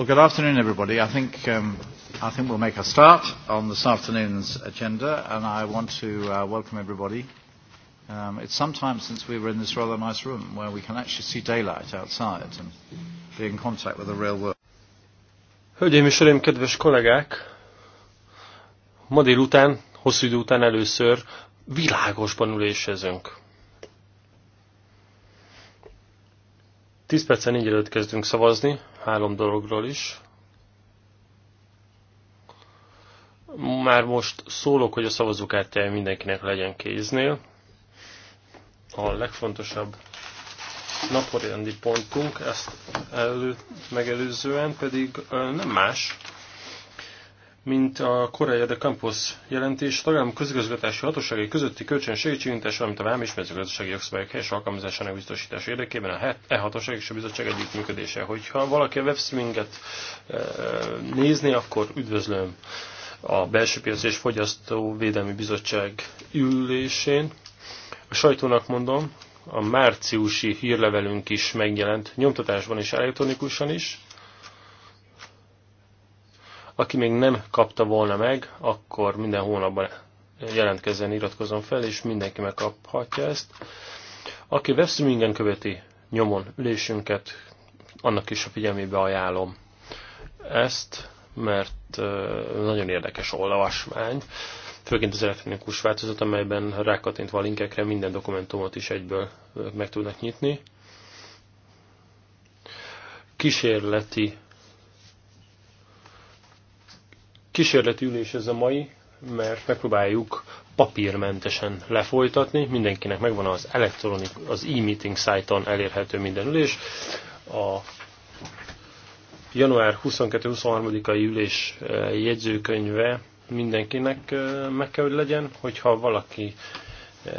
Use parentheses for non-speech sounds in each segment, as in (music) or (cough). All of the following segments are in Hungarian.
Well, good afternoon, everybody. I think, um, I think we'll make a start on this afternoon's agenda, and I want to uh, welcome everybody. Um, it's some time since we were in this rather nice room where we can actually see daylight outside and be in contact with the real world. Hölgyeim és Uraim, kedves kollégák! Ma délután, hosszú idő után először világosban ülésezünk. 10 percen így előtt kezdünk szavazni, három dologról is. Már most szólok, hogy a szavazókártyája mindenkinek legyen kéznél. A legfontosabb naporendi pontunk, ezt elő, megelőzően pedig nem más, mint a Korea de Campos jelentés, a tagállam közigazgatási hatóságai közötti kölcsön segítségnyújtás, valamint a vám és mezőgazdasági jogszabályok helyes alkalmazásának biztosítás érdekében a e hatóság és a bizottság együttműködése. Hogyha valaki a webstreaminget eh, nézni, akkor üdvözlöm a Belső Piac és Fogyasztóvédelmi Bizottság ülésén. A sajtónak mondom, a márciusi hírlevelünk is megjelent nyomtatásban és elektronikusan is aki még nem kapta volna meg, akkor minden hónapban jelentkezzen, iratkozom fel, és mindenki megkaphatja ezt. Aki webstreamingen követi nyomon ülésünket, annak is a figyelmébe ajánlom ezt, mert nagyon érdekes olvasmány, főként az elektronikus változat, amelyben rákatintva a linkekre minden dokumentumot is egyből meg tudnak nyitni. Kísérleti Kísérleti ülés ez a mai, mert megpróbáljuk papírmentesen lefolytatni. Mindenkinek megvan az elektronik, az e-meeting szájton elérhető minden ülés. A január 22-23-ai ülés eh, jegyzőkönyve mindenkinek eh, meg kell, hogy legyen, hogyha valaki eh,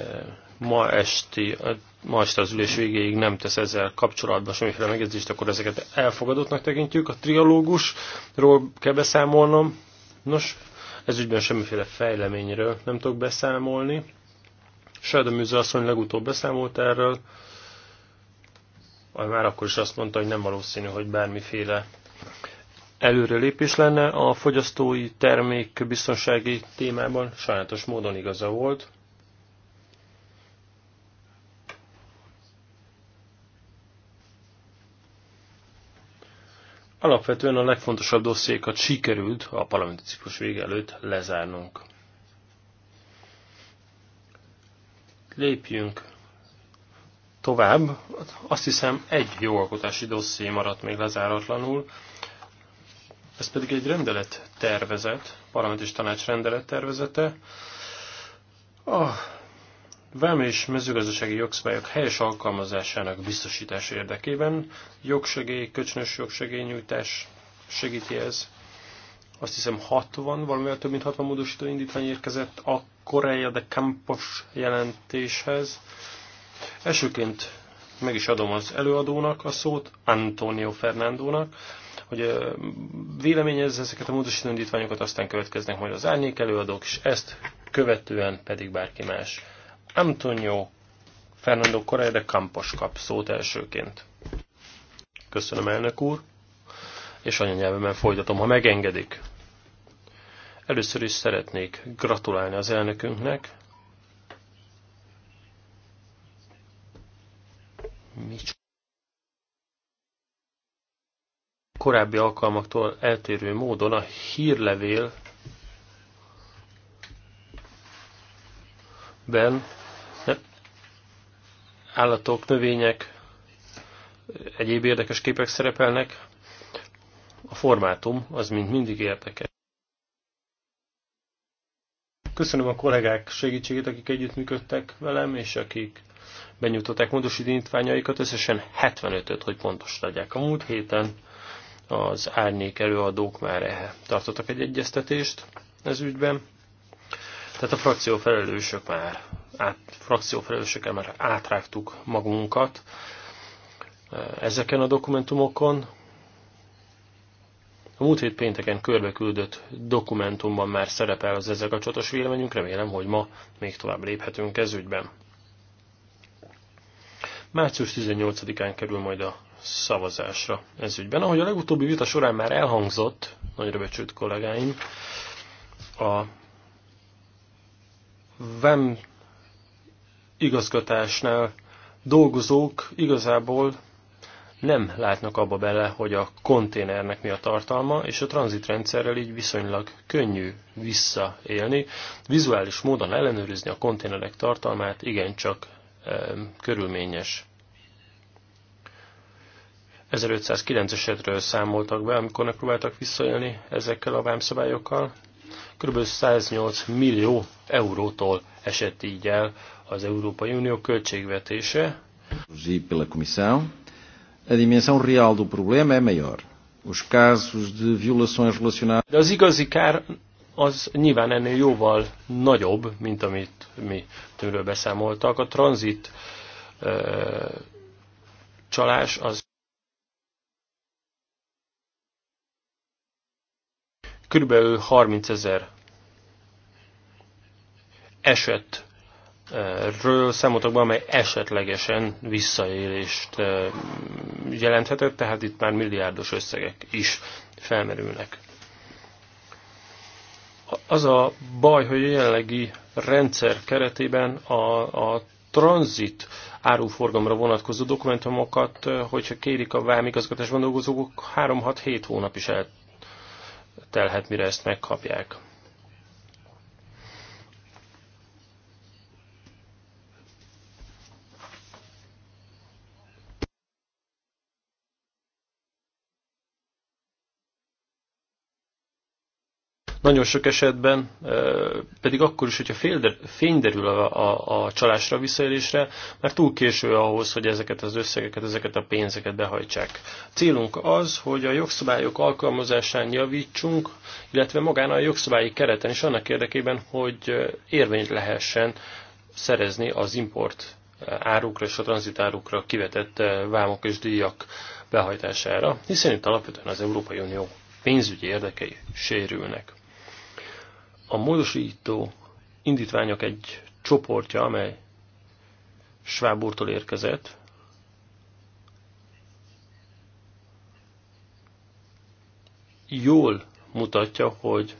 ma, esti, ma este az ülés végéig nem tesz ezzel kapcsolatban semmiféle megjegyzést, akkor ezeket elfogadottnak tekintjük. A trialógusról kell beszámolnom, Nos, ez ügyben semmiféle fejleményről nem tudok beszámolni. Serdeműze asszony legutóbb beszámolt erről, már akkor is azt mondta, hogy nem valószínű, hogy bármiféle előrelépés lenne a fogyasztói termék biztonsági témában. sajátos módon igaza volt. Alapvetően a legfontosabb dossziékat sikerült a parlamenti ciklus vége előtt lezárnunk. Lépjünk tovább. Azt hiszem egy jogalkotási dosszié maradt még lezáratlanul. Ez pedig egy rendelet tervezet, parlament és tanács rendelet tervezete. A Vámi és mezőgazdasági jogszabályok helyes alkalmazásának biztosítása érdekében jogsegély, köcsönös jogsegélynyújtás segíti ez. Azt hiszem 60, valamivel több mint 60 módosító indítvány érkezett a Korea de Campos jelentéshez. Elsőként meg is adom az előadónak a szót, Antonio Fernándónak, hogy véleményezze ezeket a módosító indítványokat, aztán következnek majd az árnyék előadók, és ezt követően pedig bárki más. Antonio Fernando Correa de Campos kap szót elsőként. Köszönöm, elnök úr, és anyanyelvemen folytatom, ha megengedik. Először is szeretnék gratulálni az elnökünknek. Micsoda. korábbi alkalmaktól eltérő módon a hírlevélben állatok, növények, egyéb érdekes képek szerepelnek. A formátum az mint mindig érdekes. Köszönöm a kollégák segítségét, akik együttműködtek velem, és akik benyújtották módosítványaikat, összesen 75-öt, hogy pontos legyek. A múlt héten az árnyék előadók már tartottak egy egyeztetést ez ügyben. Tehát a frakciófelelősök már, át, frakciófelelősökkel már átrágtuk magunkat e, ezeken a dokumentumokon. A múlt hét pénteken körbeküldött dokumentumban már szerepel az ezzel kapcsolatos véleményünk, remélem, hogy ma még tovább léphetünk ez ügyben. Március 18-án kerül majd a szavazásra ez ügyben. Ahogy a legutóbbi vita során már elhangzott, nagyra becsült kollégáim, a VEM igazgatásnál dolgozók igazából nem látnak abba bele, hogy a konténernek mi a tartalma, és a tranzitrendszerrel így viszonylag könnyű visszaélni. Vizuális módon ellenőrizni a konténerek tartalmát igencsak e, körülményes. 1509 esetről számoltak be, amikor megpróbáltak visszaélni ezekkel a vámszabályokkal, Kb. 108 millió eurótól esett így el az Európai Unió költségvetése. pela Comissão, a dimensão real do problema é maior. Os casos de violações relacionadas... De az igazi kár az nyilván ennél jóval nagyobb, mint amit mi tőről beszámoltak. A tranzit uh, csalás az kb. 30 ezer esetről eh, számoltak be, amely esetlegesen visszaélést eh, jelenthetett, tehát itt már milliárdos összegek is felmerülnek. Az a baj, hogy a jelenlegi rendszer keretében a, a tranzit áruforgalomra vonatkozó dokumentumokat, eh, hogyha kérik a vámigazgatásban dolgozók, 3-6-7 hónap is el telhet, mire ezt megkapják. Nagyon sok esetben pedig akkor is, hogyha fény derül a, a, a csalásra, visszaélésre, már túl késő ahhoz, hogy ezeket az összegeket, ezeket a pénzeket behajtsák. Célunk az, hogy a jogszabályok alkalmazásán javítsunk, illetve magán a jogszabályi kereten is annak érdekében, hogy érvényt lehessen szerezni az import árukra és a tranzitárukra kivetett vámok és díjak behajtására, hiszen itt alapvetően az Európai Unió pénzügyi érdekei sérülnek. A módosító indítványok egy csoportja, amely Svábúrtól érkezett, jól mutatja, hogy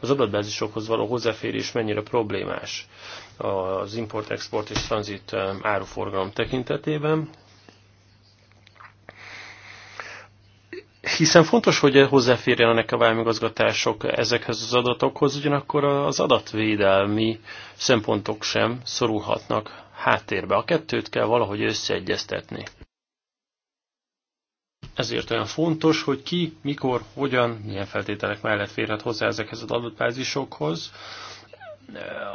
az adatbázisokhoz való hozzáférés mennyire problémás az import, export és tranzit um, áruforgalom tekintetében. hiszen fontos, hogy hozzáférjenek a vámigazgatások ezekhez az adatokhoz, ugyanakkor az adatvédelmi szempontok sem szorulhatnak háttérbe. A kettőt kell valahogy összeegyeztetni. Ezért olyan fontos, hogy ki, mikor, hogyan, milyen feltételek mellett férhet hozzá ezekhez az adatbázisokhoz.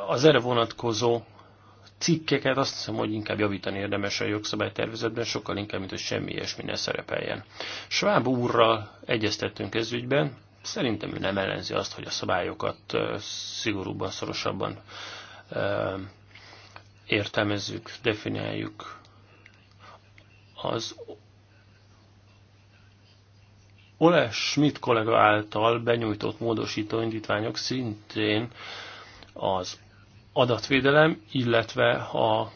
Az erre vonatkozó cikkeket azt hiszem, hogy inkább javítani érdemes a jogszabálytervezetben, sokkal inkább, mint hogy semmi ilyesmi ne szerepeljen. Schwab úrral egyeztettünk ez ügyben, szerintem ő nem ellenzi azt, hogy a szabályokat szigorúbban, szorosabban értelmezzük, definiáljuk. Az Ole Schmidt kollega által benyújtott módosító indítványok szintén az adatvédelem, illetve a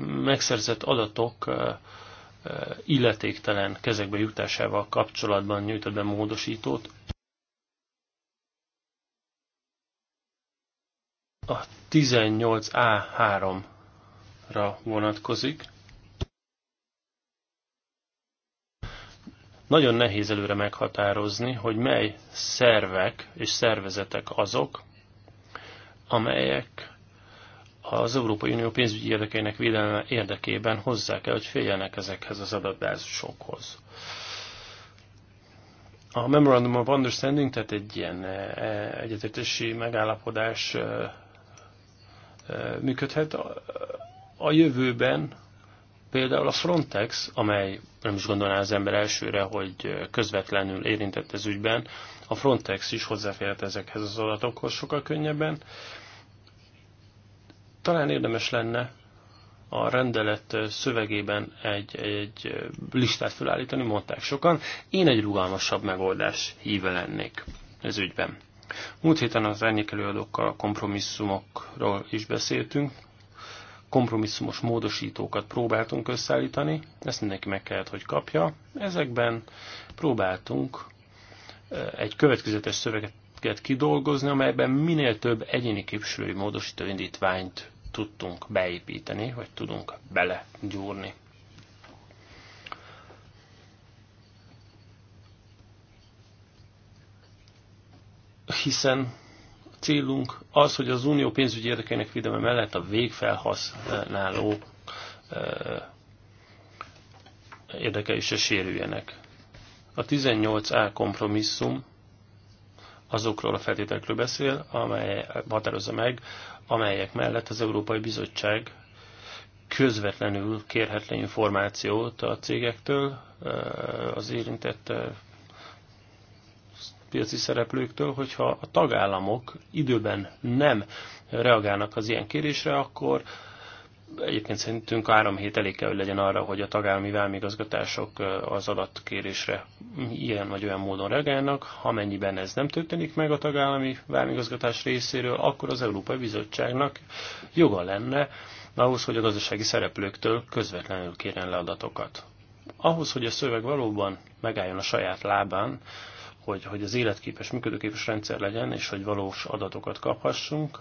megszerzett adatok illetéktelen kezekbe jutásával kapcsolatban nyújtott be módosítót. A 18A3-ra vonatkozik. Nagyon nehéz előre meghatározni, hogy mely szervek és szervezetek azok, amelyek az Európai Unió pénzügyi érdekeinek védelme érdekében hozzá kell, hogy féljenek ezekhez az adatbázisokhoz. A Memorandum of Understanding, tehát egy ilyen e, e, egyetértési megállapodás e, működhet. A jövőben például a Frontex, amely nem is gondolná az ember elsőre, hogy közvetlenül érintett ez ügyben, a Frontex is hozzáférhet ezekhez az adatokhoz sokkal könnyebben, talán érdemes lenne a rendelet szövegében egy, egy listát felállítani, mondták sokan. Én egy rugalmasabb megoldás híve lennék ez ügyben. Múlt héten az árnyékelőadókkal a kompromisszumokról is beszéltünk, kompromisszumos módosítókat próbáltunk összeállítani, ezt mindenki meg kellett, hogy kapja. Ezekben próbáltunk egy következetes szöveget dolgozni, amelyben minél több egyéni képviselői módosító indítványt tudtunk beépíteni, vagy tudunk belegyúrni. Hiszen a célunk az, hogy az unió pénzügyi érdekeinek védelme mellett a végfelhasználó érdekei se sérüljenek. A 18A kompromisszum azokról a feltételekről beszél, amely határozza meg amelyek mellett az Európai Bizottság közvetlenül kérhet le információt a cégektől, eh, az érintett eh, piaci szereplőktől, hogyha a tagállamok időben nem reagálnak az ilyen kérésre, akkor egyébként szerintünk három hét elég kell, hogy legyen arra, hogy a tagállami vámigazgatások az adatkérésre ilyen vagy olyan módon reagálnak. Ha mennyiben ez nem történik meg a tagállami vámigazgatás részéről, akkor az Európai Bizottságnak joga lenne ahhoz, hogy a gazdasági szereplőktől közvetlenül kérjen le adatokat. Ahhoz, hogy a szöveg valóban megálljon a saját lábán, hogy, hogy az életképes, működőképes rendszer legyen, és hogy valós adatokat kaphassunk,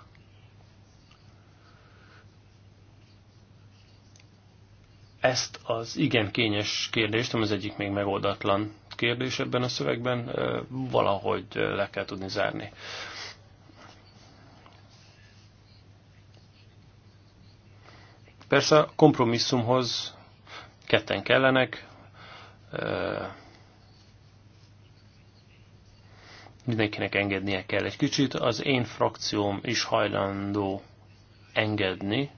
ezt az igen kényes kérdést, ami az egyik még megoldatlan kérdés ebben a szövegben, valahogy le kell tudni zárni. Persze a kompromisszumhoz ketten kellenek, mindenkinek engednie kell egy kicsit. Az én frakcióm is hajlandó engedni,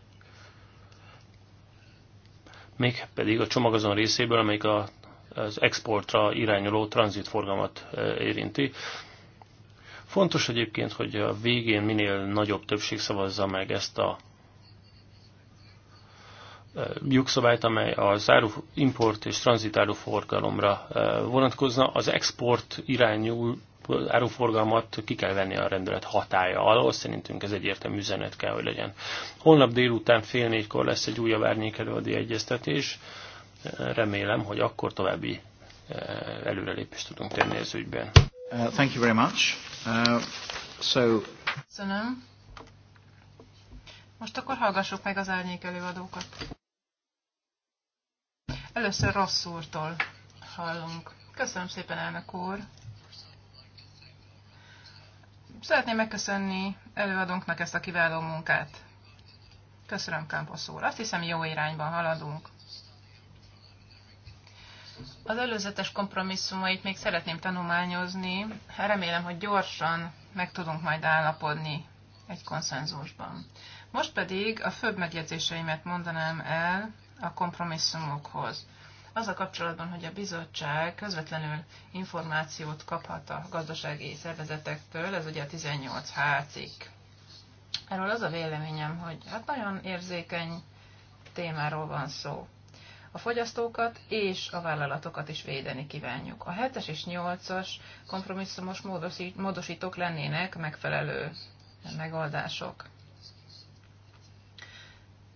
pedig a csomag azon részéből, amelyik a, az exportra irányuló tranzitforgalmat érinti. Fontos egyébként, hogy a végén minél nagyobb többség szavazza meg ezt a jogszabályt, amely az áru import és tranzitáru forgalomra vonatkozna. Az export irányú áruforgalmat ki kell venni a rendelet hatája alól, szerintünk ez egyértelmű üzenet kell, hogy legyen. Holnap délután fél négykor lesz egy újabb árnyékelőadi egyeztetés, remélem, hogy akkor további előrelépést tudunk tenni az ügyben. Uh, thank you very much. Uh, so... Köszönöm. Most akkor hallgassuk meg az árnyékelőadókat. Először Rossz úrtól hallunk. Köszönöm szépen, elnök úr! Szeretném megköszönni előadónknak ezt a kiváló munkát. Köszönöm, Kámposz úr. Azt hiszem, jó irányban haladunk. Az előzetes kompromisszumait még szeretném tanulmányozni. Remélem, hogy gyorsan meg tudunk majd állapodni egy konszenzusban. Most pedig a főbb megjegyzéseimet mondanám el, a kompromisszumokhoz. Az a kapcsolatban, hogy a bizottság közvetlenül információt kaphat a gazdasági szervezetektől, ez ugye a 18H cikk. Erről az a véleményem, hogy hát nagyon érzékeny témáról van szó. A fogyasztókat és a vállalatokat is védeni kívánjuk. A 7-es és 8-as kompromisszumos módosítók lennének megfelelő megoldások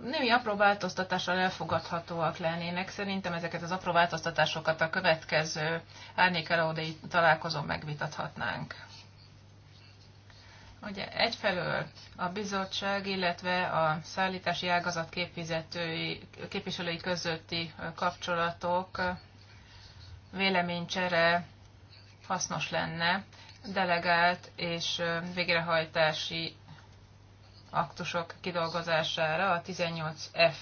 némi apró változtatással elfogadhatóak lennének. Szerintem ezeket az apró változtatásokat a következő árnyékelódai találkozón megvitathatnánk. Ugye egyfelől a bizottság, illetve a szállítási ágazat képviselői, képviselői közötti kapcsolatok véleménycsere hasznos lenne, delegált és végrehajtási aktusok kidolgozására a 18F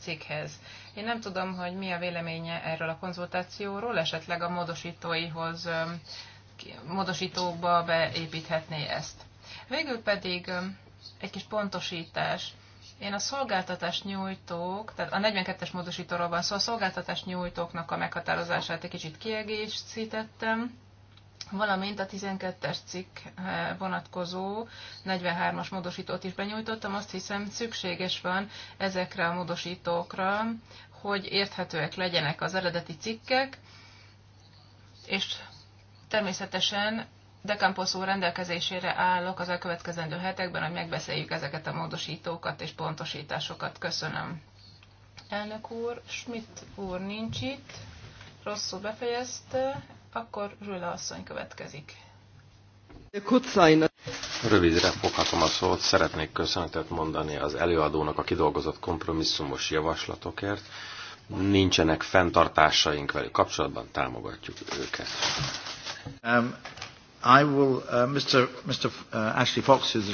cikkhez. Én nem tudom, hogy mi a véleménye erről a konzultációról, esetleg a módosítóihoz, módosítóba beépíthetné ezt. Végül pedig egy kis pontosítás. Én a szolgáltatás nyújtók, tehát a 42-es módosítóról van szó, szóval a szolgáltatás nyújtóknak a meghatározását egy kicsit kiegészítettem valamint a 12-es cikk eh, vonatkozó 43-as módosítót is benyújtottam. Azt hiszem szükséges van ezekre a módosítókra, hogy érthetőek legyenek az eredeti cikkek, és természetesen Dekamposzó rendelkezésére állok az elkövetkezendő hetekben, hogy megbeszéljük ezeket a módosítókat és pontosításokat. Köszönöm. Elnök úr, Schmidt úr nincs itt, rosszul befejezte, akkor Zsula asszony következik. Rövidre foghatom a szót, szeretnék köszönetet mondani az előadónak a kidolgozott kompromisszumos javaslatokért. Nincsenek fenntartásaink velük kapcsolatban, támogatjuk őket. Um, I will, uh, Mr. Mr. Uh, Ashley Fox is...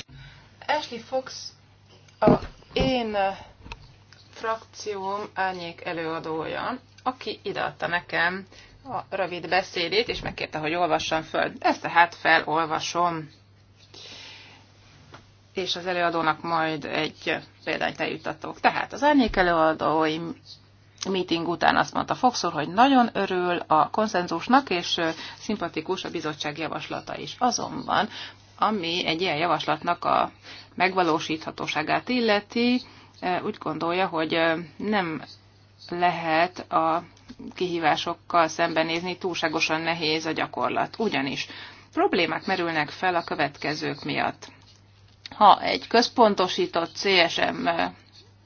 Ashley Fox a én uh, frakcióm árnyék előadója, aki ideadta nekem a rövid beszédét, és megkérte, hogy olvassam föl. Ezt tehát felolvasom, és az előadónak majd egy példányt eljuttatok. Tehát az árnyék előadói meeting után azt mondta Foxor, hogy nagyon örül a konszenzusnak, és szimpatikus a bizottság javaslata is. Azonban, ami egy ilyen javaslatnak a megvalósíthatóságát illeti, úgy gondolja, hogy nem lehet a kihívásokkal szembenézni túlságosan nehéz a gyakorlat. Ugyanis problémák merülnek fel a következők miatt. Ha egy központosított CSM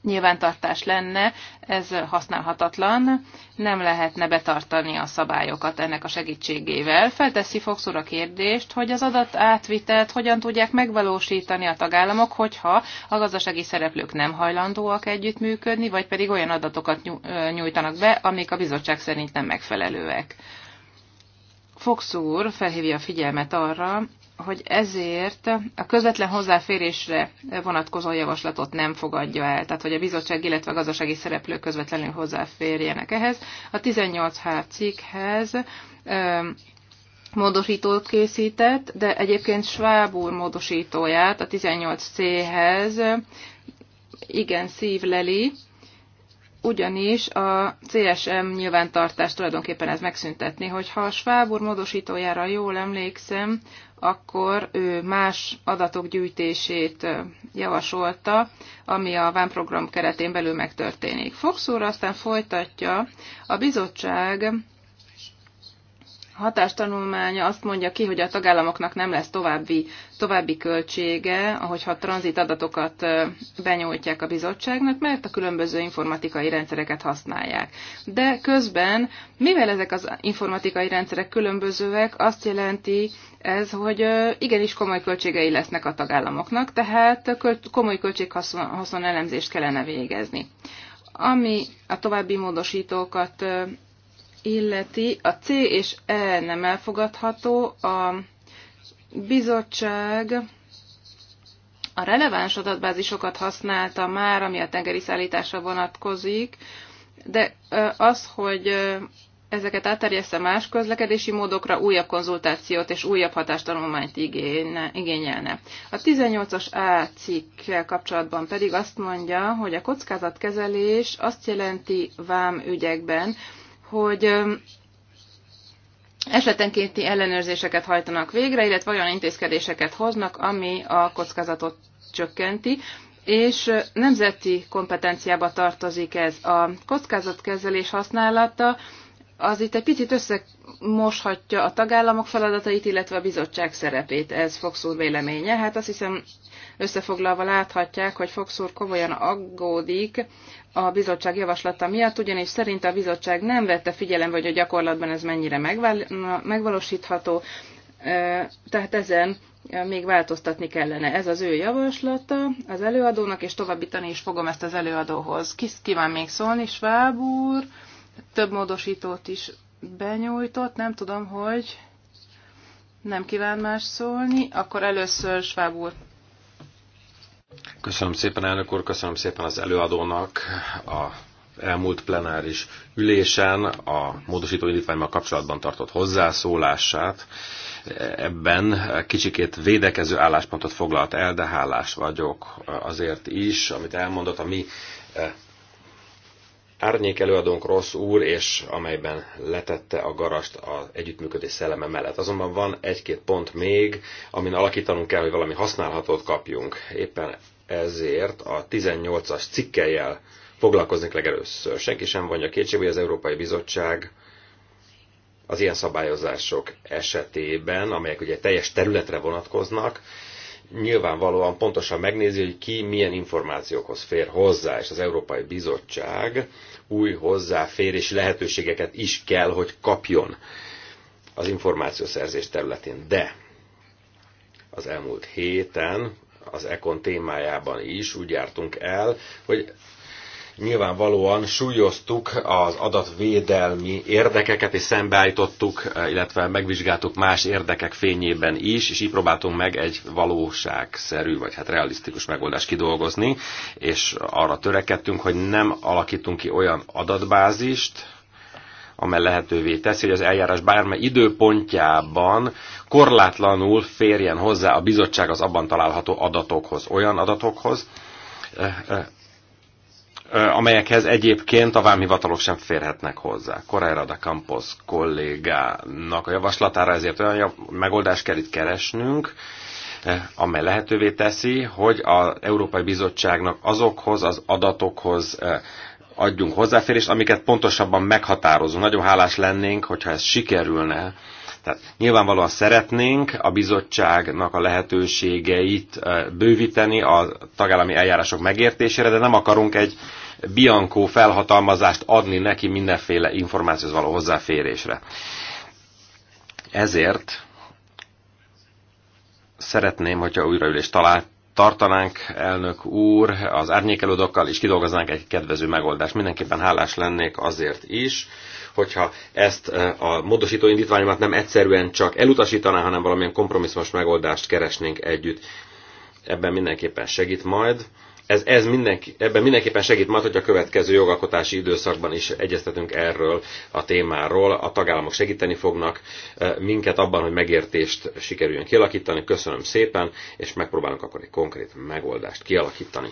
nyilvántartás lenne, ez használhatatlan, nem lehetne betartani a szabályokat ennek a segítségével. Felteszi Fox úr a kérdést, hogy az adat átvitelt hogyan tudják megvalósítani a tagállamok, hogyha a gazdasági szereplők nem hajlandóak együttműködni, vagy pedig olyan adatokat nyújtanak be, amik a bizottság szerint nem megfelelőek. Fox úr felhívja a figyelmet arra, hogy ezért a közvetlen hozzáférésre vonatkozó javaslatot nem fogadja el, tehát hogy a bizottság, illetve a gazdasági szereplők közvetlenül hozzáférjenek ehhez. A 18H cikkhez módosítót készített, de egyébként Schwab úr módosítóját a 18C-hez igen szívleli, ugyanis a CSM nyilvántartást tulajdonképpen ez megszüntetni, ha a Schwab úr módosítójára jól emlékszem, akkor ő más adatok gyűjtését javasolta, ami a VAN program keretén belül megtörténik. Fox úr aztán folytatja, a bizottság hatástanulmánya azt mondja ki, hogy a tagállamoknak nem lesz további, további költsége, ahogyha tranzit adatokat benyújtják a bizottságnak, mert a különböző informatikai rendszereket használják. De közben, mivel ezek az informatikai rendszerek különbözőek, azt jelenti ez, hogy igenis komoly költségei lesznek a tagállamoknak, tehát komoly költséghaszon elemzést kellene végezni. Ami a további módosítókat illeti, a C és E nem elfogadható, a bizottság a releváns adatbázisokat használta már, ami a tengeri szállításra vonatkozik, de az, hogy ezeket átterjessze más közlekedési módokra, újabb konzultációt és újabb hatástanulmányt igényelne. A 18-as A cikkkel kapcsolatban pedig azt mondja, hogy a kockázatkezelés azt jelenti vám ügyekben, hogy esetenkénti ellenőrzéseket hajtanak végre, illetve olyan intézkedéseket hoznak, ami a kockázatot csökkenti, és nemzeti kompetenciába tartozik ez. A kockázatkezelés használata az itt egy picit összemoshatja a tagállamok feladatait, illetve a bizottság szerepét. Ez Fox úr véleménye. Hát azt hiszem, Összefoglalva láthatják, hogy Fox úr komolyan aggódik a bizottság javaslata miatt, ugyanis szerint a bizottság nem vette figyelembe, hogy a gyakorlatban ez mennyire megvalósítható, tehát ezen még változtatni kellene. Ez az ő javaslata az előadónak, és továbbítani is fogom ezt az előadóhoz. Ki kíván még szólni? Schwab úr több módosítót is benyújtott, nem tudom, hogy nem kíván más szólni. Akkor először Schwab úr. Köszönöm szépen, elnök úr, köszönöm szépen az előadónak a elmúlt plenáris ülésen a módosító indítványmal kapcsolatban tartott hozzászólását. Ebben kicsikét védekező álláspontot foglalt el, de hálás vagyok azért is, amit elmondott a mi eh, árnyék előadónk Rossz úr, és amelyben letette a garast az együttműködés szelleme mellett. Azonban van egy-két pont még, amin alakítanunk kell, hogy valami használhatót kapjunk. Éppen ezért a 18-as cikkeljel foglalkozni legelőször. Senki sem vonja kétségbe, hogy az Európai Bizottság az ilyen szabályozások esetében, amelyek ugye teljes területre vonatkoznak, nyilvánvalóan pontosan megnézi, hogy ki milyen információkhoz fér hozzá, és az Európai Bizottság új hozzáférési lehetőségeket is kell, hogy kapjon az információszerzés területén. De az elmúlt héten az Econ témájában is úgy jártunk el, hogy Nyilvánvalóan súlyoztuk az adatvédelmi érdekeket, és szembeállítottuk, illetve megvizsgáltuk más érdekek fényében is, és így próbáltunk meg egy valóságszerű, vagy hát realisztikus megoldást kidolgozni, és arra törekedtünk, hogy nem alakítunk ki olyan adatbázist, amely lehetővé teszi, hogy az eljárás bármely időpontjában korlátlanul férjen hozzá a bizottság az abban található adatokhoz, olyan adatokhoz, eh, eh, amelyekhez egyébként a vámhivatalok sem férhetnek hozzá. Korájra a Campos kollégának a javaslatára ezért olyan megoldást kell itt keresnünk, amely lehetővé teszi, hogy az Európai Bizottságnak azokhoz az adatokhoz adjunk hozzáférést, amiket pontosabban meghatározunk. Nagyon hálás lennénk, hogyha ez sikerülne. Tehát nyilvánvalóan szeretnénk a bizottságnak a lehetőségeit bővíteni a tagállami eljárások megértésére, de nem akarunk egy biankó felhatalmazást adni neki mindenféle információhoz való hozzáférésre. Ezért szeretném, hogyha újraülést talált, tartanánk, elnök úr, az árnyékelődokkal, és kidolgoznánk egy kedvező megoldást. Mindenképpen hálás lennék azért is, hogyha ezt eh, a módosító indítványomat nem egyszerűen csak elutasítaná, hanem valamilyen kompromisszumos megoldást keresnénk együtt. Ebben mindenképpen segít majd ez, ez mindenki, ebben mindenképpen segít majd, hogy a következő jogalkotási időszakban is egyeztetünk erről a témáról. A tagállamok segíteni fognak eh, minket abban, hogy megértést sikerüljön kialakítani. Köszönöm szépen, és megpróbálunk akkor egy konkrét megoldást kialakítani.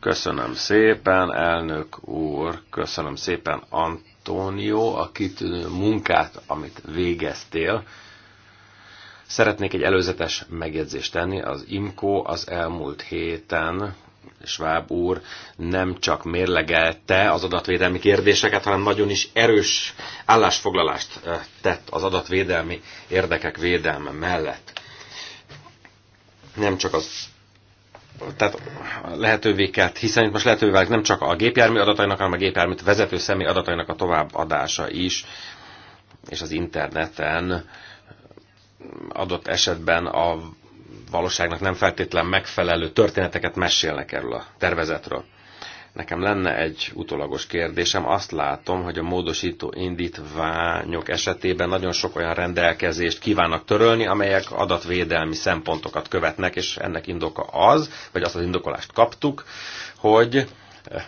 Köszönöm szépen, elnök úr, köszönöm szépen, Antonio, a kitűnő eh, munkát, amit végeztél Szeretnék egy előzetes megjegyzést tenni. Az IMCO az elmúlt héten Schwab úr nem csak mérlegelte az adatvédelmi kérdéseket, hanem nagyon is erős állásfoglalást eh, tett az adatvédelmi érdekek védelme mellett. Nem csak az tehát lehetővé kell, hiszen itt most lehetővé válik nem csak a gépjármű adatainak, hanem a gépjármű vezető személy adatainak a továbbadása is, és az interneten adott esetben a valóságnak nem feltétlen megfelelő történeteket mesélnek erről a tervezetről. Nekem lenne egy utolagos kérdésem. Azt látom, hogy a módosító indítványok esetében nagyon sok olyan rendelkezést kívánnak törölni, amelyek adatvédelmi szempontokat követnek, és ennek indoka az, vagy azt az indokolást kaptuk, hogy eh,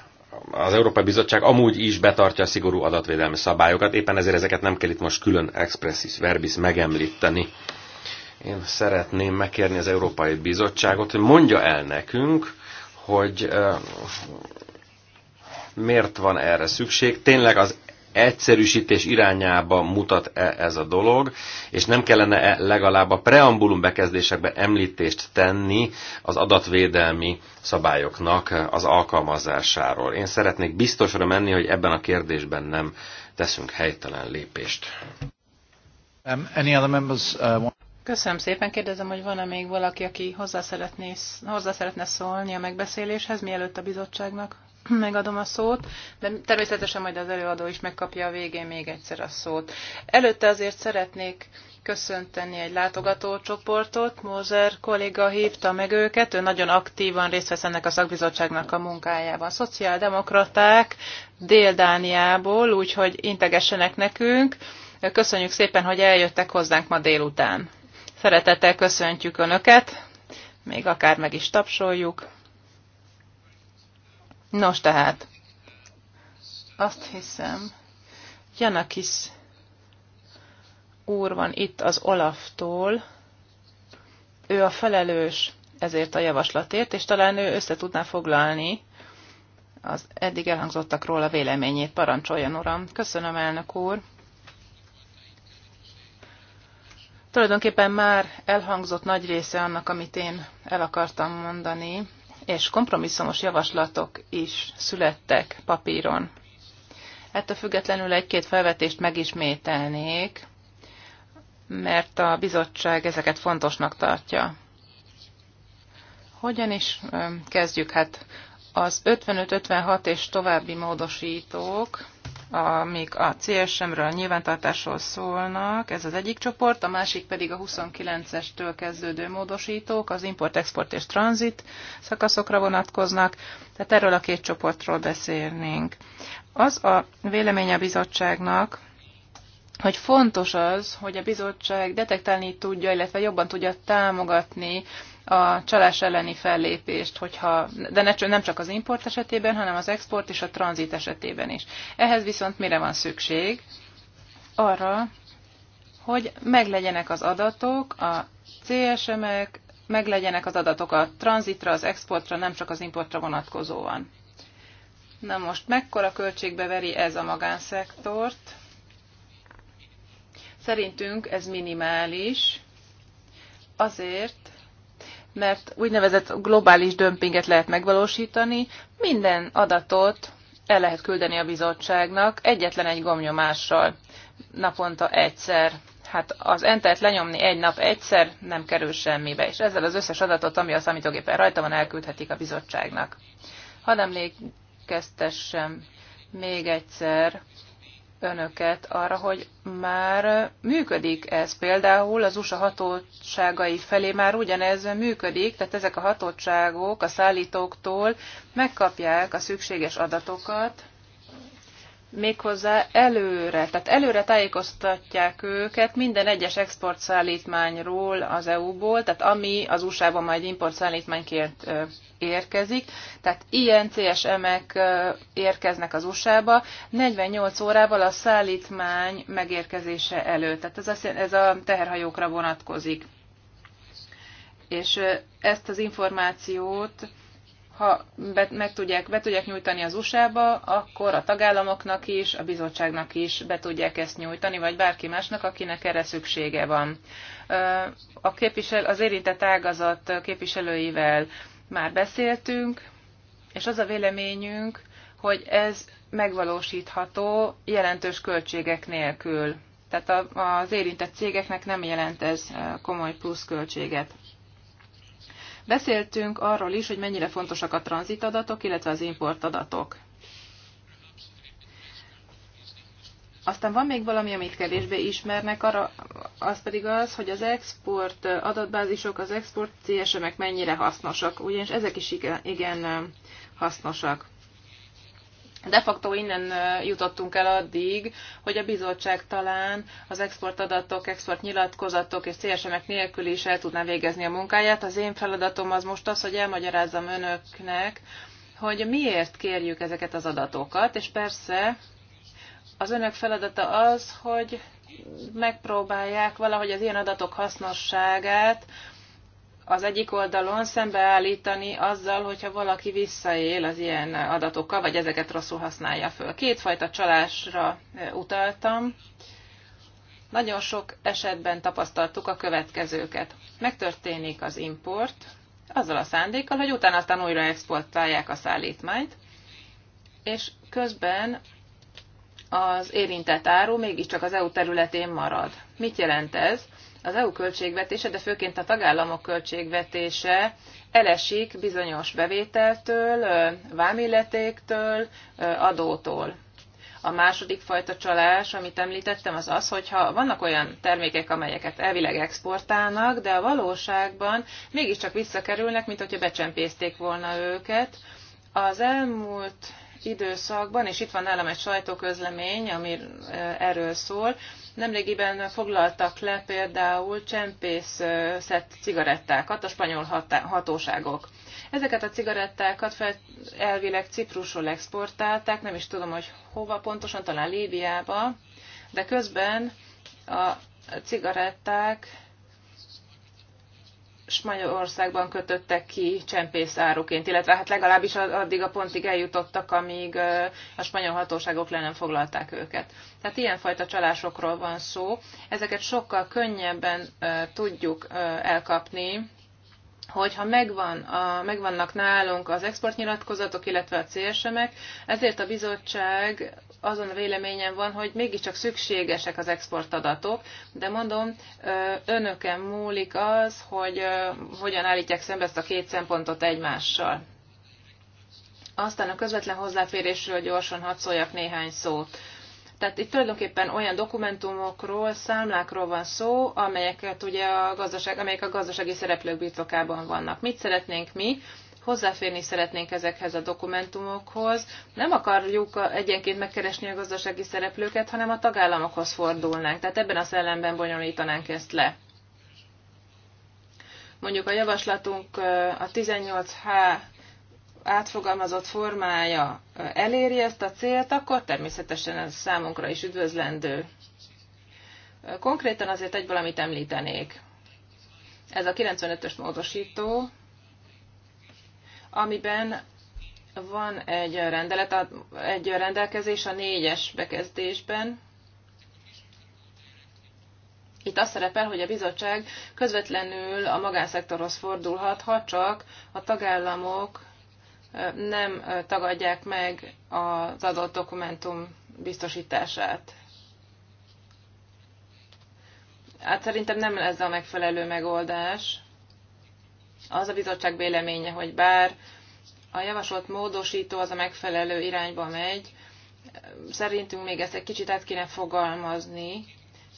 az Európai Bizottság amúgy is betartja a szigorú adatvédelmi szabályokat, éppen ezért ezeket nem kell itt most külön expressis verbis megemlíteni. Én szeretném megkérni az Európai Bizottságot, hogy mondja el nekünk, hogy miért van erre szükség. Tényleg az egyszerűsítés irányába mutat -e ez a dolog, és nem kellene -e legalább a preambulum bekezdésekbe említést tenni az adatvédelmi szabályoknak az alkalmazásáról. Én szeretnék biztosra menni, hogy ebben a kérdésben nem teszünk helytelen lépést. Um, any other members, uh, Köszönöm szépen. Kérdezem, hogy van-e még valaki, aki hozzá, szeretné, hozzá szeretne szólni a megbeszéléshez, mielőtt a bizottságnak megadom a szót, de természetesen majd az előadó is megkapja a végén még egyszer a szót. Előtte azért szeretnék köszönteni egy látogatócsoportot. Mózer kolléga hívta meg őket, ő nagyon aktívan részt vesz ennek a szakbizottságnak a munkájában. Szociáldemokraták Dél-Dániából, úgyhogy integessenek nekünk. Köszönjük szépen, hogy eljöttek hozzánk ma délután. Szeretettel köszöntjük Önöket, még akár meg is tapsoljuk. Nos tehát, azt hiszem, Janakis úr van itt az Olaftól, ő a felelős ezért a javaslatért, és talán ő össze tudná foglalni az eddig elhangzottakról a véleményét. Parancsoljon, uram! Köszönöm, elnök úr! Tulajdonképpen már elhangzott nagy része annak, amit én el akartam mondani és kompromisszumos javaslatok is születtek papíron. Ettől függetlenül egy-két felvetést megismételnék, mert a bizottság ezeket fontosnak tartja. Hogyan is kezdjük? Hát az 55-56 és további módosítók, amik a CSM-ről, nyilvántartásról szólnak, ez az egyik csoport, a másik pedig a 29-estől kezdődő módosítók, az import, export és tranzit szakaszokra vonatkoznak, tehát erről a két csoportról beszélnénk. Az a vélemény a bizottságnak, hogy fontos az, hogy a bizottság detektálni tudja, illetve jobban tudja támogatni a csalás elleni fellépést, hogyha, de ne, nem csak az import esetében, hanem az export és a tranzit esetében is. Ehhez viszont mire van szükség? Arra, hogy meglegyenek az adatok, a CSM-ek, meglegyenek az adatok a tranzitra, az exportra, nem csak az importra vonatkozóan. Na most mekkora költségbe veri ez a magánszektort? Szerintünk ez minimális, azért, mert úgynevezett globális dömpinget lehet megvalósítani, minden adatot el lehet küldeni a bizottságnak egyetlen egy gomnyomással, naponta egyszer. Hát az entert lenyomni egy nap egyszer nem kerül semmibe, és ezzel az összes adatot, ami a számítógépen rajta van, elküldhetik a bizottságnak. Hadd emlékeztessem még egyszer önöket arra, hogy már működik ez. Például az USA hatóságai felé már ugyanez működik, tehát ezek a hatóságok a szállítóktól megkapják a szükséges adatokat, méghozzá előre, tehát előre tájékoztatják őket minden egyes exportszállítmányról az EU-ból, tehát ami az USA-ban majd importszállítmányként érkezik, tehát ilyen CSM-ek érkeznek az USA-ba 48 órával a szállítmány megérkezése előtt, tehát ez a, ez a teherhajókra vonatkozik. És ezt az információt ha be, meg tudják, be tudják nyújtani az USA-ba, akkor a tagállamoknak is, a bizottságnak is be tudják ezt nyújtani, vagy bárki másnak, akinek erre szüksége van. A képvisel, az érintett ágazat képviselőivel már beszéltünk, és az a véleményünk, hogy ez megvalósítható jelentős költségek nélkül. Tehát az érintett cégeknek nem jelent ez eh, komoly pluszköltséget. Beszéltünk arról is, hogy mennyire fontosak a tranzitadatok, illetve az importadatok. Aztán van még valami, amit kevésbé ismernek, arra, az pedig az, hogy az export adatbázisok, az export CSM-ek mennyire hasznosak, ugyanis ezek is igen, igen hasznosak. De facto innen jutottunk el addig, hogy a bizottság talán az export adatok export nyilatkozatok és CSM-ek nélkül is el tudná végezni a munkáját. Az én feladatom az most az, hogy elmagyarázzam önöknek, hogy miért kérjük ezeket az adatokat, és persze az önök feladata az, hogy megpróbálják valahogy az ilyen adatok hasznosságát az egyik oldalon szembeállítani azzal, hogyha valaki visszaél az ilyen adatokkal, vagy ezeket rosszul használja föl. Kétfajta csalásra utaltam. Nagyon sok esetben tapasztaltuk a következőket. Megtörténik az import, azzal a szándékkal, hogy utána aztán újra exportálják a szállítmányt, és közben az érintett áru mégiscsak az EU területén marad. Mit jelent ez? Az EU költségvetése, de főként a tagállamok költségvetése elesik bizonyos bevételtől, vámilletéktől, adótól. A második fajta csalás, amit említettem, az az, hogyha vannak olyan termékek, amelyeket elvileg exportálnak, de a valóságban mégiscsak visszakerülnek, mint hogyha becsempészték volna őket. Az elmúlt időszakban, és itt van nálam egy sajtóközlemény, ami erről szól. Nemrégiben foglaltak le például csempészett cigarettákat a spanyol hatóságok. Ezeket a cigarettákat fel, elvileg Ciprusról exportálták, nem is tudom, hogy hova pontosan, talán Líbiába, de közben a cigaretták Spanyolországban kötöttek ki csempészáruként, illetve hát legalábbis addig a pontig eljutottak, amíg a spanyol hatóságok le nem foglalták őket. Tehát ilyenfajta csalásokról van szó. Ezeket sokkal könnyebben tudjuk elkapni, hogyha megvan a, megvannak nálunk az exportnyilatkozatok, illetve a célsemek, ezért a bizottság azon véleményen van, hogy mégiscsak szükségesek az exportadatok, de mondom, önöken múlik az, hogy hogyan állítják szembe ezt a két szempontot egymással. Aztán a közvetlen hozzáférésről gyorsan hadd szóljak néhány szót. Tehát itt tulajdonképpen olyan dokumentumokról, számlákról van szó, amelyeket ugye a gazdaság, amelyek a gazdasági szereplők birtokában vannak. Mit szeretnénk mi? Hozzáférni szeretnénk ezekhez a dokumentumokhoz. Nem akarjuk egyenként megkeresni a gazdasági szereplőket, hanem a tagállamokhoz fordulnánk. Tehát ebben a szellemben bonyolítanánk ezt le. Mondjuk a javaslatunk a 18H átfogalmazott formája eléri ezt a célt, akkor természetesen ez számunkra is üdvözlendő. Konkrétan azért egy valamit említenék. Ez a 95-ös módosító, amiben van egy, rendelet, egy rendelkezés a négyes bekezdésben. Itt azt szerepel, hogy a bizottság közvetlenül a magánszektorhoz fordulhat, ha csak a tagállamok nem tagadják meg az adott dokumentum biztosítását. Hát szerintem nem ez a megfelelő megoldás. Az a bizottság véleménye, hogy bár a javasolt módosító az a megfelelő irányba megy, szerintünk még ezt egy kicsit át kéne fogalmazni.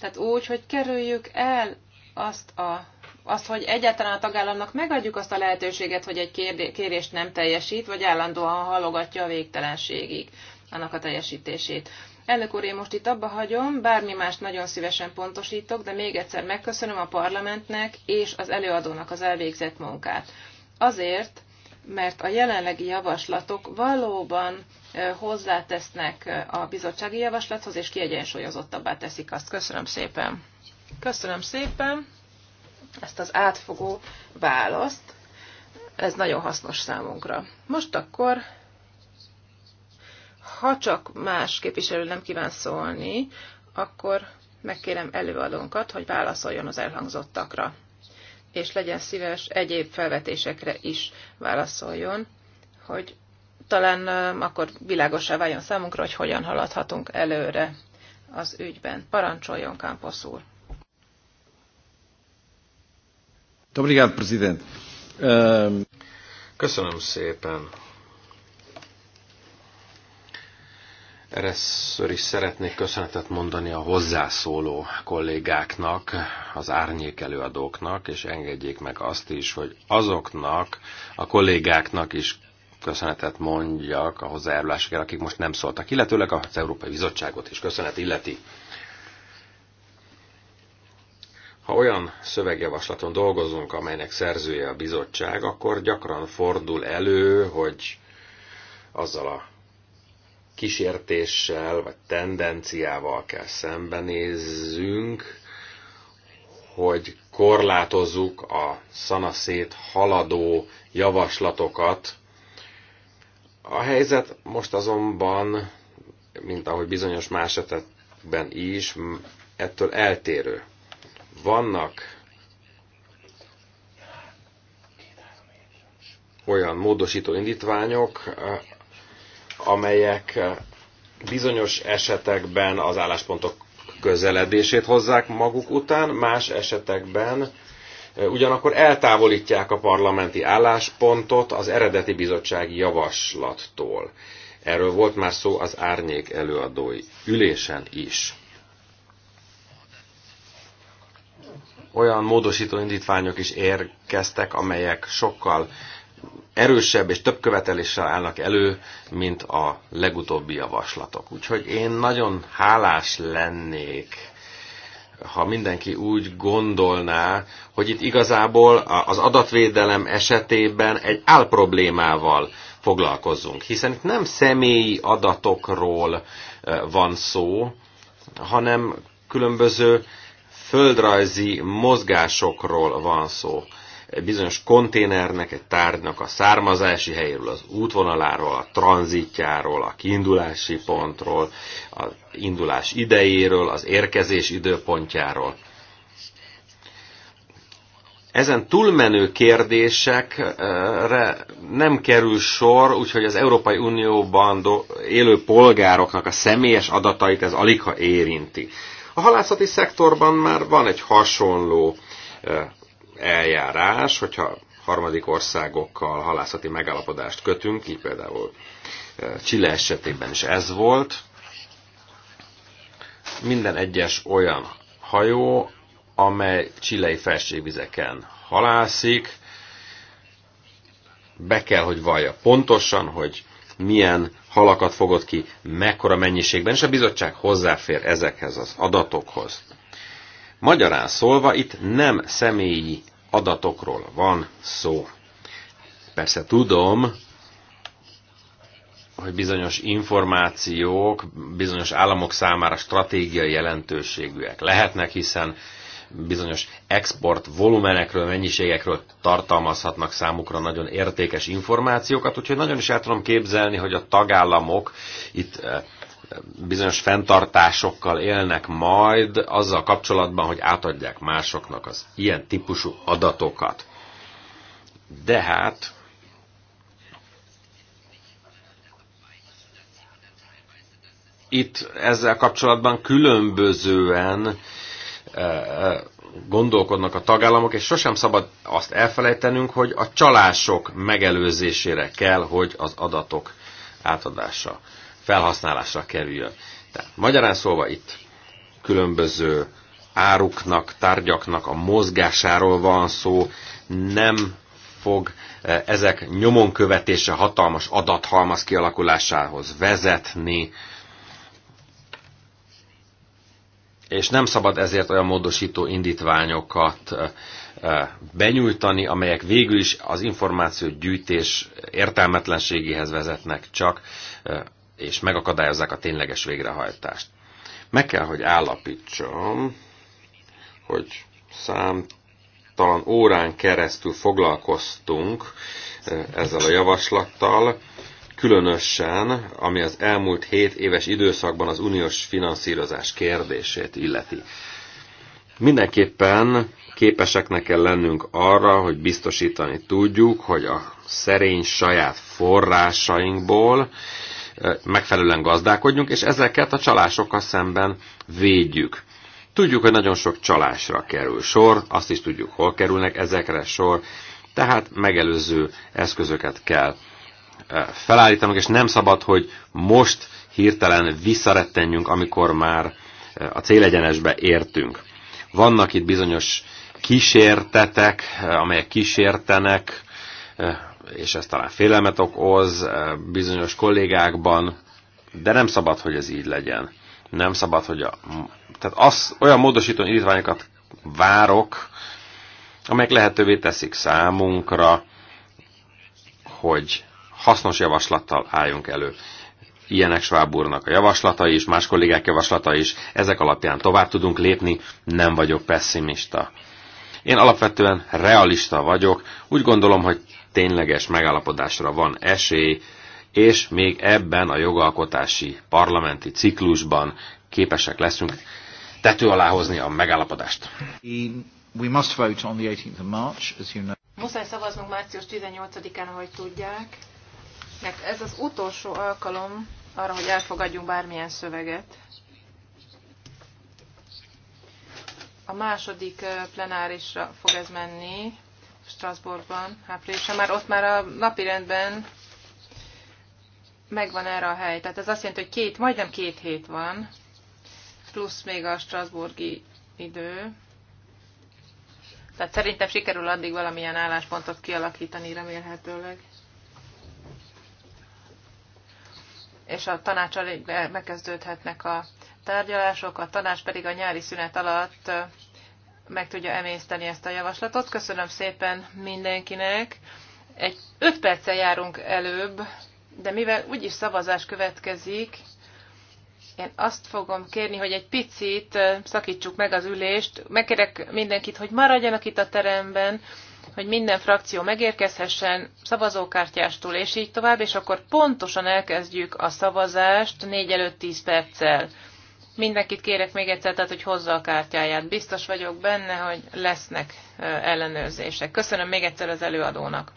Tehát úgy, hogy kerüljük el azt a az, hogy egyáltalán a tagállamnak megadjuk azt a lehetőséget, hogy egy kérést nem teljesít, vagy állandóan halogatja a végtelenségig annak a teljesítését. Elnök úr, én most itt abba hagyom, bármi mást nagyon szívesen pontosítok, de még egyszer megköszönöm a parlamentnek és az előadónak az elvégzett munkát. Azért, mert a jelenlegi javaslatok valóban hozzátesznek a bizottsági javaslathoz, és kiegyensúlyozottabbá teszik azt. Köszönöm szépen! Köszönöm szépen! ezt az átfogó választ. Ez nagyon hasznos számunkra. Most akkor, ha csak más képviselő nem kíván szólni, akkor megkérem előadónkat, hogy válaszoljon az elhangzottakra, és legyen szíves egyéb felvetésekre is válaszoljon, hogy talán akkor világosá váljon számunkra, hogy hogyan haladhatunk előre az ügyben. Parancsoljon, Kámposz úr! Obrigado, Presidente. Köszönöm szépen. Először is szeretnék köszönetet mondani a hozzászóló kollégáknak, az árnyék előadóknak, és engedjék meg azt is, hogy azoknak a kollégáknak is köszönetet mondjak a hozzájárulásokért, akik most nem szóltak, illetőleg az Európai Bizottságot is köszönet illeti. Ha olyan szövegjavaslaton dolgozunk, amelynek szerzője a bizottság, akkor gyakran fordul elő, hogy azzal a kísértéssel vagy tendenciával kell szembenézzünk, hogy korlátozzuk a szanaszét haladó javaslatokat. A helyzet most azonban, mint ahogy bizonyos más esetekben is, ettől eltérő. Vannak olyan módosító indítványok, amelyek bizonyos esetekben az álláspontok közeledését hozzák maguk után, más esetekben ugyanakkor eltávolítják a parlamenti álláspontot az eredeti bizottsági javaslattól. Erről volt már szó az árnyék előadói ülésen is. olyan módosító indítványok is érkeztek, amelyek sokkal erősebb és több követeléssel állnak elő, mint a legutóbbi javaslatok. Úgyhogy én nagyon hálás lennék, ha mindenki úgy gondolná, hogy itt igazából az adatvédelem esetében egy álproblémával foglalkozzunk, hiszen itt nem személyi adatokról van szó, hanem különböző földrajzi mozgásokról van szó. Egy bizonyos konténernek, egy tárgynak a származási helyéről, az útvonaláról, a tranzitjáról, a kiindulási pontról, a indulás idejéről, az érkezés időpontjáról. Ezen túlmenő kérdésekre nem kerül sor, úgyhogy az Európai Unióban élő polgároknak a személyes adatait ez ha érinti. A halászati szektorban már van egy hasonló eljárás, hogyha harmadik országokkal halászati megállapodást kötünk, így például Chile esetében is ez volt. Minden egyes olyan hajó, amely csilei felségvizeken halászik, be kell, hogy vallja pontosan, hogy milyen halakat fogott ki, mekkora mennyiségben, és a bizottság hozzáfér ezekhez az adatokhoz. Magyarán szólva itt nem személyi adatokról van szó. Persze tudom, hogy bizonyos információk bizonyos államok számára stratégiai jelentőségűek lehetnek, hiszen bizonyos export volumenekről, mennyiségekről tartalmazhatnak számukra nagyon értékes információkat, úgyhogy nagyon is el tudom képzelni, hogy a tagállamok itt eh, bizonyos fenntartásokkal élnek majd azzal kapcsolatban, hogy átadják másoknak az ilyen típusú adatokat. De hát itt ezzel kapcsolatban különbözően gondolkodnak a tagállamok, és sosem szabad azt elfelejtenünk, hogy a csalások megelőzésére kell, hogy az adatok átadása, felhasználásra kerüljön. Tehát magyarán szólva itt különböző áruknak, tárgyaknak a mozgásáról van szó, nem fog ezek nyomon követése hatalmas adathalmaz kialakulásához vezetni, és nem szabad ezért olyan módosító indítványokat benyújtani, amelyek végül is az információ gyűjtés értelmetlenségéhez vezetnek csak, és megakadályozzák a tényleges végrehajtást. Meg kell, hogy állapítsam, hogy számtalan órán keresztül foglalkoztunk ezzel a javaslattal, különösen ami az elmúlt 7 éves időszakban az uniós finanszírozás kérdését illeti. Mindenképpen képeseknek kell lennünk arra, hogy biztosítani tudjuk, hogy a szerény saját forrásainkból eh, megfelelően gazdálkodjunk, és ezeket a csalásokkal szemben védjük. Tudjuk, hogy nagyon sok csalásra kerül sor, azt is tudjuk, hol kerülnek ezekre sor, tehát megelőző eszközöket kell felállítanunk, és nem szabad, hogy most hirtelen visszarettenjünk, amikor már e, a célegyenesbe értünk. Vannak itt bizonyos kísértetek, e, amelyek kísértenek, e, és ez talán félelmet okoz bizonyos kollégákban, de nem szabad, hogy ez így legyen. Nem szabad, hogy a... Tehát az, olyan módosító indítványokat várok, amelyek lehetővé teszik számunkra, hogy hasznos javaslattal álljunk elő. Ilyenek Schwab úrnak a javaslata is, más kollégák javaslata is, ezek alapján tovább tudunk lépni, nem vagyok pessimista. Én alapvetően realista vagyok, úgy gondolom, hogy tényleges megállapodásra van esély, és még ebben a jogalkotási parlamenti ciklusban képesek leszünk tető alá hozni a megállapodást. Muszáj szavaznunk március 18-án, ahogy tudják mert ez az utolsó alkalom arra, hogy elfogadjunk bármilyen szöveget. A második plenárisra fog ez menni, Strasbourgban, áprilisra, már ott már a napirendben megvan erre a hely. Tehát ez azt jelenti, hogy két, majdnem két hét van, plusz még a Strasbourgi idő. Tehát szerintem sikerül addig valamilyen álláspontot kialakítani remélhetőleg. és a tanács alig megkezdődhetnek a tárgyalások, a tanács pedig a nyári szünet alatt meg tudja emészteni ezt a javaslatot. Köszönöm szépen mindenkinek. Egy 5 perccel járunk előbb, de mivel úgyis szavazás következik, én azt fogom kérni, hogy egy picit szakítsuk meg az ülést. Megkérek mindenkit, hogy maradjanak itt a teremben, hogy minden frakció megérkezhessen szavazókártyástól, és így tovább, és akkor pontosan elkezdjük a szavazást 4 előtt 10 perccel. Mindenkit kérek még egyszer, tehát, hogy hozza a kártyáját. Biztos vagyok benne, hogy lesznek ellenőrzések. Köszönöm még egyszer az előadónak.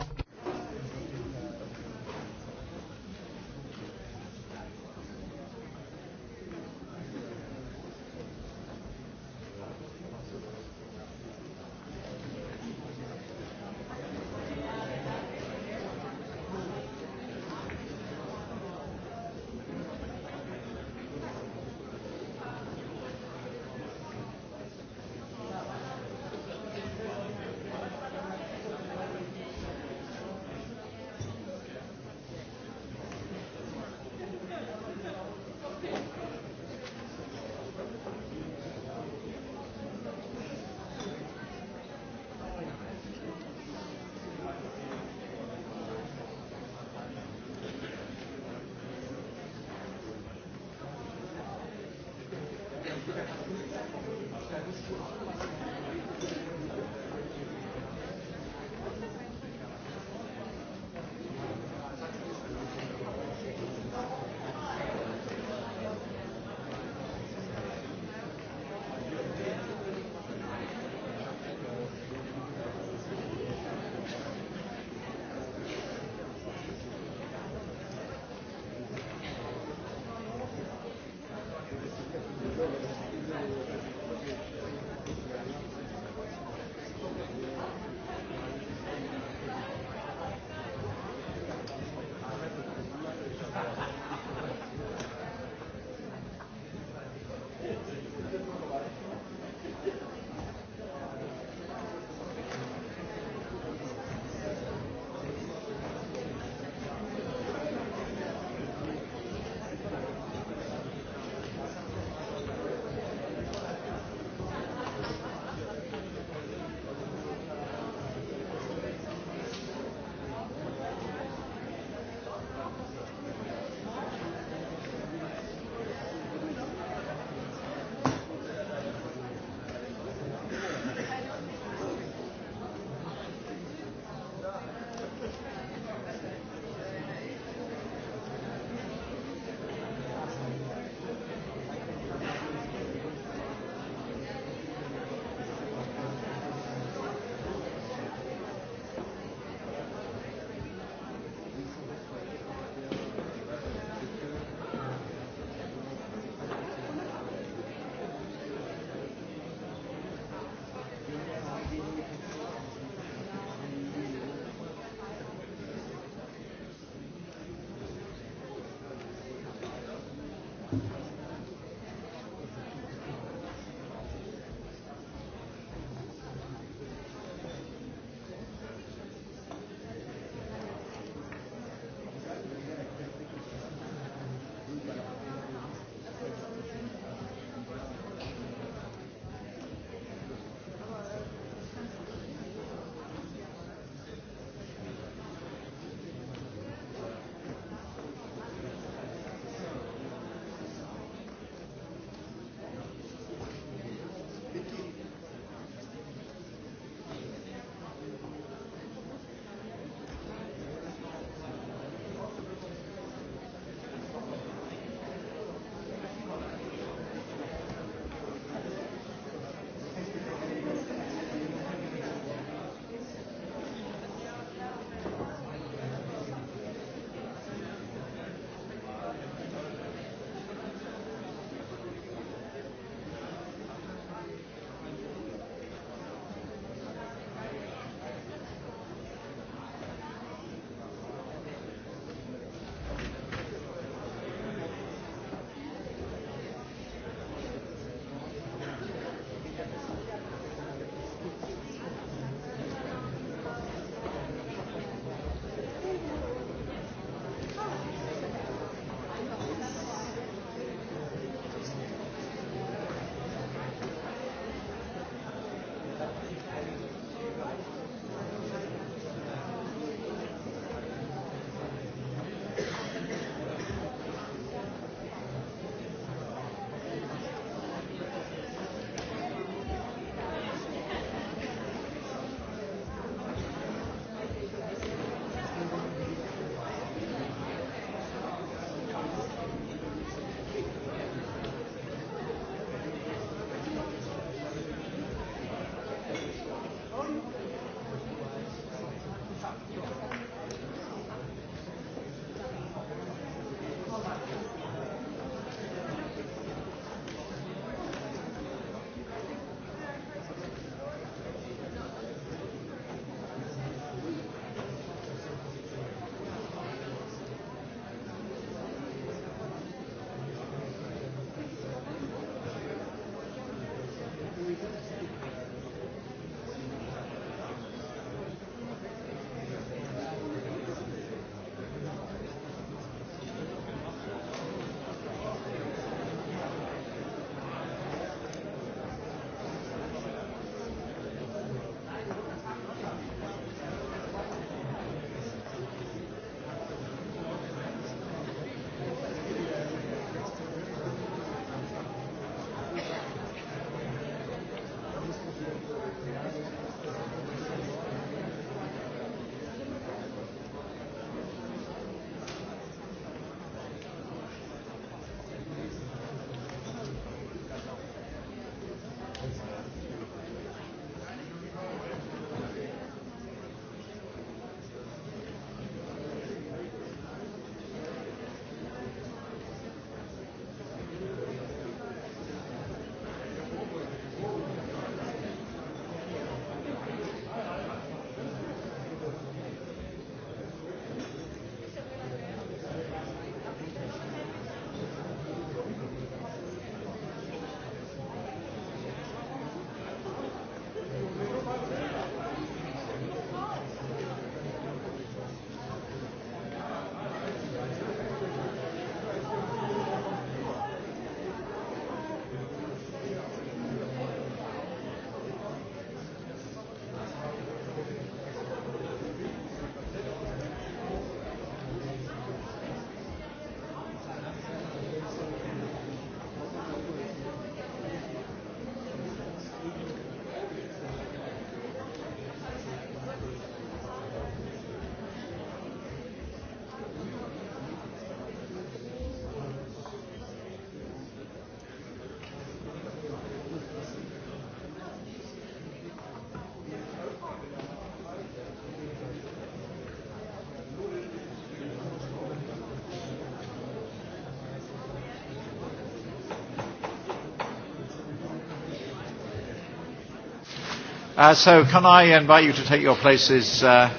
Uh, so can I invite you to take your places? Uh...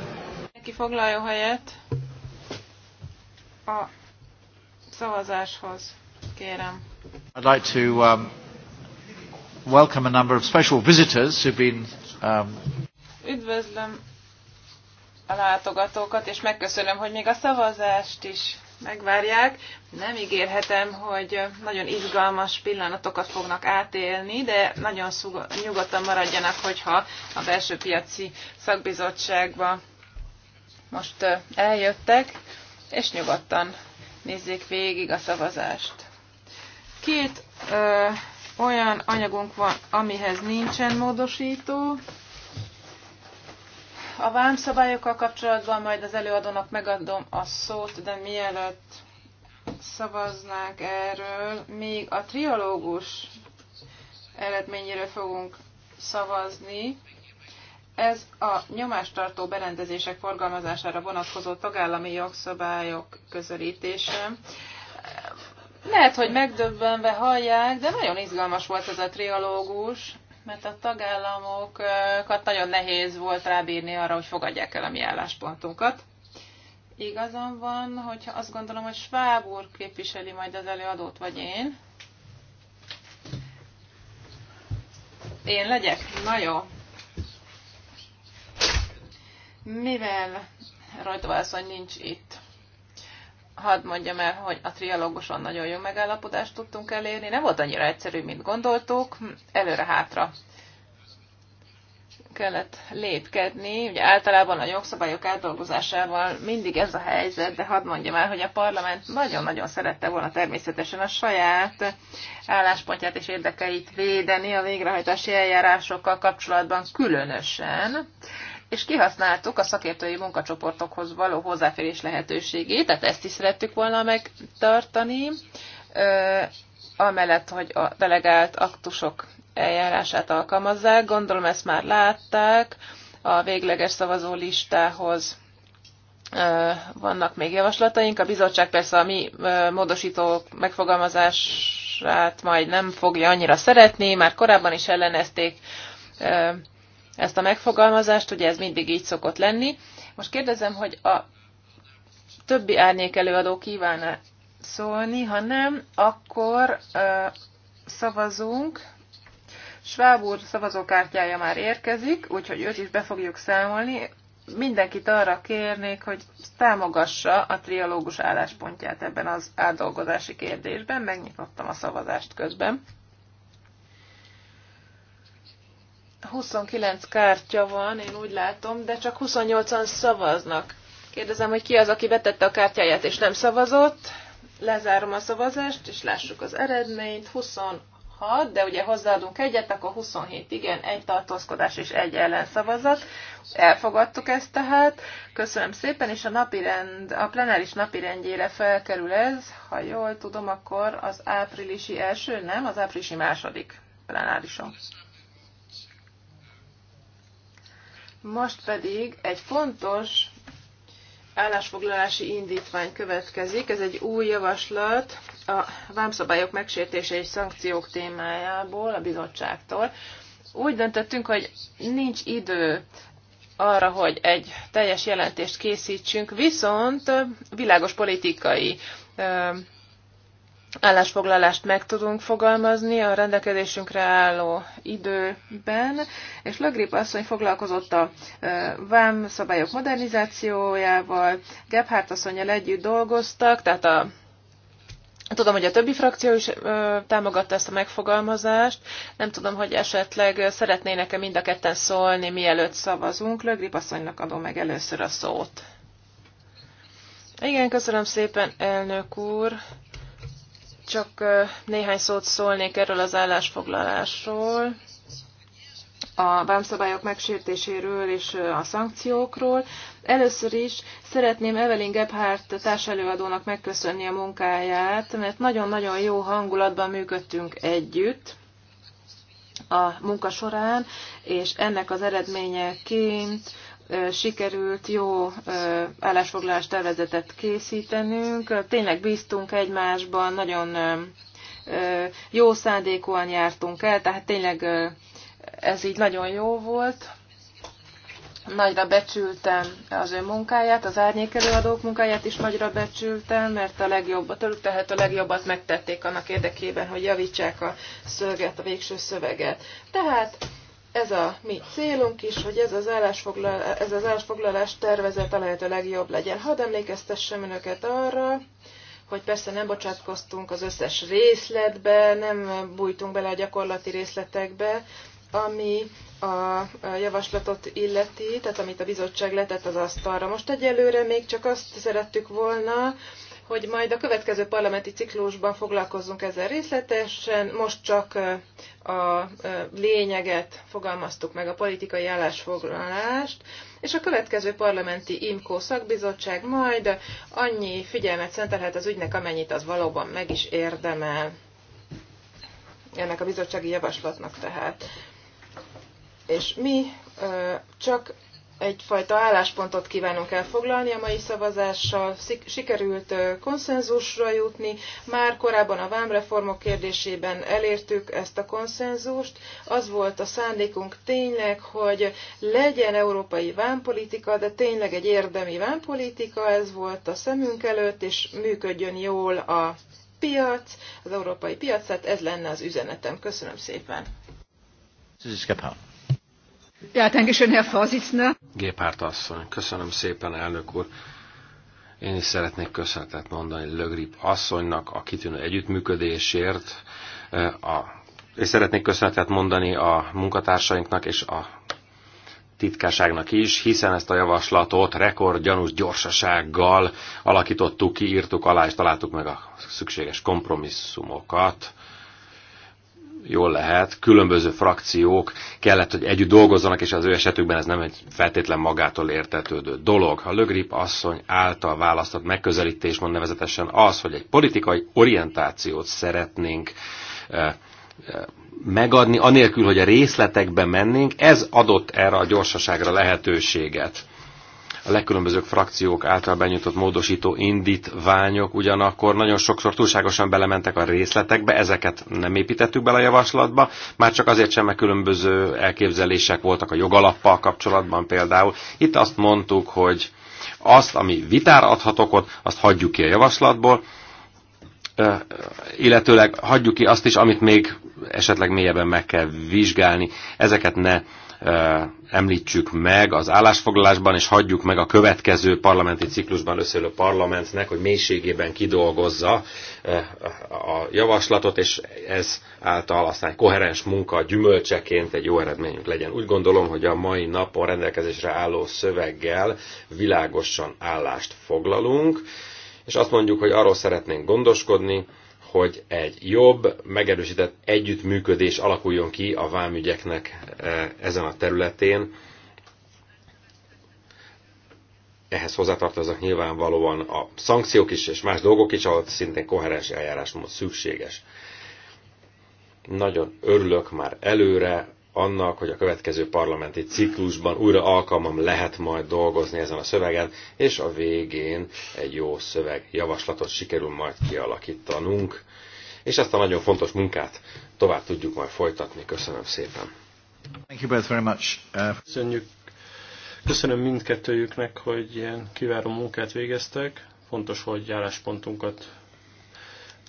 helyet a szavazáshoz, kérem. I'd like to um, welcome a number of special visitors who've been. Um... Üdvözlöm a látogatókat, és megköszönöm, hogy még a szavazást is megvárják nem ígérhetem, hogy nagyon izgalmas pillanatokat fognak átélni, de nagyon nyugodtan maradjanak, hogyha a belső piaci szakbizottságba most eljöttek, és nyugodtan nézzék végig a szavazást. Két ö, olyan anyagunk van, amihez nincsen módosító. A vámszabályokkal kapcsolatban majd az előadónak megadom a szót, de mielőtt szavaznák erről, még a triológus eredményéről fogunk szavazni. Ez a nyomástartó berendezések forgalmazására vonatkozó tagállami jogszabályok közelítése. Lehet, hogy megdöbbenve hallják, de nagyon izgalmas volt ez a triológus, mert a tagállamokat nagyon nehéz volt rábírni arra, hogy fogadják el a mi álláspontunkat. Igazam van, hogyha azt gondolom, hogy Schwab úr képviseli majd az előadót, vagy én. Én legyek? Na jó. Mivel rajtavászony nincs itt, hadd mondjam el, hogy a trialóguson nagyon jó megállapodást tudtunk elérni. Nem volt annyira egyszerű, mint gondoltuk. Előre-hátra kellett lépkedni. Ugye általában a jogszabályok átdolgozásával mindig ez a helyzet, de hadd mondjam el, hogy a parlament nagyon-nagyon szerette volna természetesen a saját álláspontját és érdekeit védeni a végrehajtási eljárásokkal kapcsolatban különösen és kihasználtuk a szakértői munkacsoportokhoz való hozzáférés lehetőségét, tehát ezt is szerettük volna megtartani, amellett, hogy a delegált aktusok eljárását alkalmazzák. Gondolom ezt már látták. A végleges szavazó listához vannak még javaslataink. A bizottság persze a mi módosító megfogalmazását majd nem fogja annyira szeretni, már korábban is ellenezték ezt a megfogalmazást, ugye ez mindig így szokott lenni. Most kérdezem, hogy a többi árnyék előadó -e szólni, ha nem, akkor szavazunk. Schwab úr szavazókártyája már érkezik, úgyhogy őt is be fogjuk számolni. Mindenkit arra kérnék, hogy támogassa a triológus álláspontját ebben az átdolgozási kérdésben. Megnyitottam a szavazást közben. 29 kártya van, én úgy látom, de csak 28-an szavaznak. Kérdezem, hogy ki az, aki betette a kártyáját és nem szavazott. Lezárom a szavazást, és lássuk az eredményt. 20 26, de ugye hozzáadunk egyet, akkor 27 igen, egy tartózkodás és egy ellenszavazat. Elfogadtuk ezt tehát. Köszönöm szépen, és a, rend, a plenáris napirendjére felkerül ez, ha jól tudom, akkor az áprilisi első, nem, az áprilisi második plenárison. Most pedig egy fontos állásfoglalási indítvány következik. Ez egy új javaslat a vámszabályok megsértése és szankciók témájából a bizottságtól. Úgy döntöttünk, hogy nincs idő arra, hogy egy teljes jelentést készítsünk, viszont világos politikai állásfoglalást meg tudunk fogalmazni a rendelkezésünkre álló időben, és Lögrip asszony foglalkozott a vám szabályok modernizációjával, Gebhardt asszonyjal együtt dolgoztak, tehát a Tudom, hogy a többi frakció is ö, támogatta ezt a megfogalmazást. Nem tudom, hogy esetleg szeretnének-e mind a ketten szólni, mielőtt szavazunk. Lögrip asszonynak adom meg először a szót. Igen, köszönöm szépen, elnök úr. Csak néhány szót szólnék erről az állásfoglalásról, a vámszabályok megsértéséről és a szankciókról. Először is szeretném Evelyn Gebhardt társelőadónak megköszönni a munkáját, mert nagyon-nagyon jó hangulatban működtünk együtt a munka során, és ennek az eredményeként sikerült jó állásfoglalás tervezetet készítenünk. Tényleg bíztunk egymásban, nagyon jó szándékúan jártunk el, tehát tényleg ez így nagyon jó volt. Nagyra becsültem az ő munkáját, az árnyék előadók munkáját is nagyra becsültem, mert a legjobbat, tőlük tehát a legjobbat megtették annak érdekében, hogy javítsák a szöveget, a végső szöveget. Tehát ez a mi célunk is, hogy ez az, állásfoglalás, ez az állásfoglalás tervezet a lehető legjobb legyen. Hadd emlékeztessem önöket arra, hogy persze nem bocsátkoztunk az összes részletbe, nem bújtunk bele a gyakorlati részletekbe, ami a javaslatot illeti, tehát amit a bizottság letett az asztalra. Most egyelőre még csak azt szerettük volna, hogy majd a következő parlamenti ciklusban foglalkozzunk ezzel részletesen, most csak a lényeget fogalmaztuk meg, a politikai állásfoglalást, és a következő parlamenti IMKO szakbizottság majd annyi figyelmet szentelhet az ügynek, amennyit az valóban meg is érdemel. Ennek a bizottsági javaslatnak tehát. És mi csak egyfajta álláspontot kívánunk elfoglalni a mai szavazással. Sikerült konszenzusra jutni. Már korábban a vámreformok kérdésében elértük ezt a konszenzust. Az volt a szándékunk tényleg, hogy legyen európai vámpolitika, de tényleg egy érdemi vámpolitika, ez volt a szemünk előtt, és működjön jól a piac, az európai piac, tehát ez lenne az üzenetem. Köszönöm szépen. This Ja, Dankeschön, Herr Vorsitzender. Gépárt asszony, köszönöm szépen, elnök úr. Én is szeretnék köszönetet mondani Lögrip asszonynak a kitűnő együttműködésért, eh, a, és szeretnék köszönetet mondani a munkatársainknak és a titkárságnak is, hiszen ezt a javaslatot gyanús gyorsasággal alakítottuk ki, írtuk alá és találtuk meg a szükséges kompromisszumokat jól lehet, különböző frakciók kellett, hogy együtt dolgozzanak, és az ő esetükben ez nem egy feltétlen magától értetődő dolog. A Lögrip asszony által választott megközelítés mond nevezetesen az, hogy egy politikai orientációt szeretnénk eh, eh, megadni, anélkül, hogy a részletekbe mennénk, ez adott erre a gyorsaságra lehetőséget a legkülönböző frakciók által benyújtott módosító indítványok ugyanakkor nagyon sokszor túlságosan belementek a részletekbe, ezeket nem építettük bele a javaslatba, már csak azért sem, mert különböző elképzelések voltak a jogalappal kapcsolatban például. Itt azt mondtuk, hogy azt, ami vitára adhatok ott, azt hagyjuk ki a javaslatból, illetőleg hagyjuk ki azt is, amit még esetleg mélyebben meg kell vizsgálni, ezeket ne említsük meg az állásfoglalásban, és hagyjuk meg a következő parlamenti ciklusban összeülő parlamentnek, hogy mélységében kidolgozza a javaslatot, és ez által aztán egy koherens munka gyümölcseként egy jó eredményünk legyen. Úgy gondolom, hogy a mai napon rendelkezésre álló szöveggel világosan állást foglalunk, és azt mondjuk, hogy arról szeretnénk gondoskodni, hogy egy jobb, megerősített együttműködés alakuljon ki a vámügyeknek e, ezen a területén. Ehhez hozzátartoznak nyilvánvalóan a szankciók is, és más dolgok is, ahol szintén koherens eljárásmód szükséges. Nagyon örülök már előre annak, hogy a következő parlamenti ciklusban újra alkalmam lehet majd dolgozni ezen a szövegen, és a végén egy jó szöveg javaslatot sikerül majd kialakítanunk, és ezt a nagyon fontos munkát tovább tudjuk majd folytatni. Köszönöm szépen. Thank you both very much. Uh, Köszönjük. Köszönöm mindkettőjüknek, hogy ilyen kiváló munkát végeztek. Fontos, hogy álláspontunkat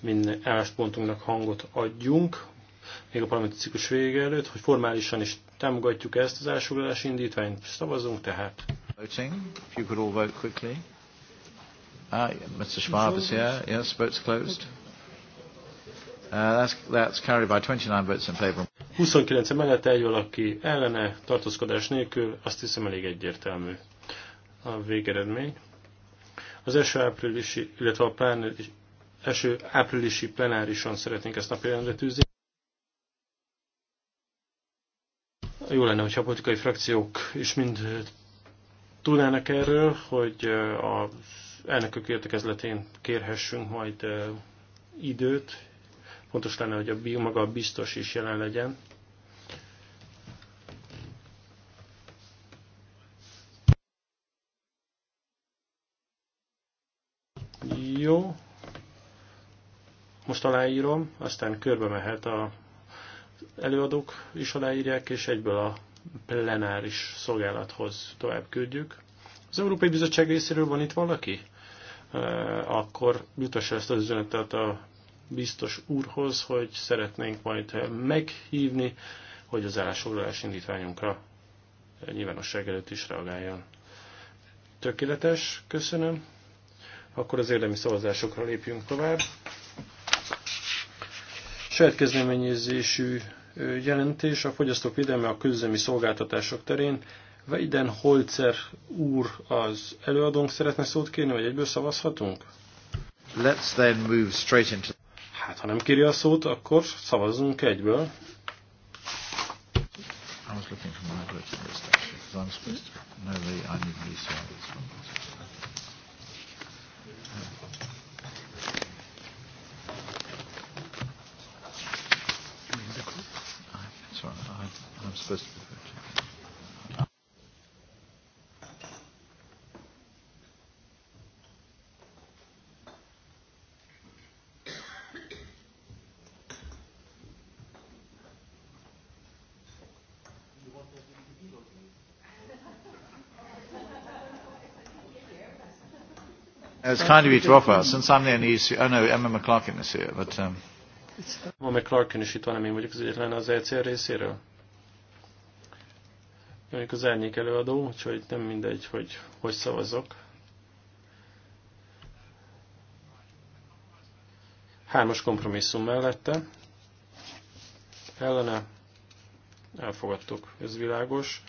minden álláspontunknak hangot adjunk még a parlamenti ciklus vége előtt, hogy formálisan is támogatjuk ezt az elsőgálási indítványt. Szavazzunk tehát. Voting, if you could all vote quickly. Ah, Mr. Schwab is here. Yes, vote's closed. Uh, that's, that's carried by 29 votes in favor. 29 mellett egy valaki ellene, tartózkodás nélkül, azt hiszem elég egyértelmű a végeredmény. Az első áprilisi, illetve a plán, első áprilisi plenárison szeretnénk ezt napirendre tűzni. Jó lenne, hogyha a politikai frakciók is mind tudnának erről, hogy a elnökök értekezletén kérhessünk majd időt. Fontos lenne, hogy a maga a biztos is jelen legyen. Jó. Most aláírom, aztán körbe mehet a előadók is aláírják, és egyből a plenáris szolgálathoz tovább küldjük. Az Európai Bizottság részéről van itt valaki? Akkor jutassa ezt az üzenetet a biztos úrhoz, hogy szeretnénk majd meghívni, hogy az állásfoglalás indítványunkra nyilvánosság előtt is reagáljon. Tökéletes, köszönöm. Akkor az érdemi szavazásokra lépjünk tovább. Saját kezdeményezésű jelentés a fogyasztók védelme a közüzemi szolgáltatások terén. Veiden Holzer úr az előadónk szeretne szót kérni, vagy egyből szavazhatunk? Let's then move straight into... Hát, ha nem kéri a szót, akkor szavazzunk egyből. I was looking for my words in this section, because I'm supposed to know the I need to be this one. It's kind of you to offer. Since I'm the only issue, oh no, Emma McClarkin is here, but. Um, Emma McClarkin is itt van, én vagyok az egyetlen az ECR részéről. Ők az árnyék előadó, úgyhogy nem mindegy, hogy hogy szavazok. Hármas kompromisszum mellette. Ellene elfogadtuk, ez világos.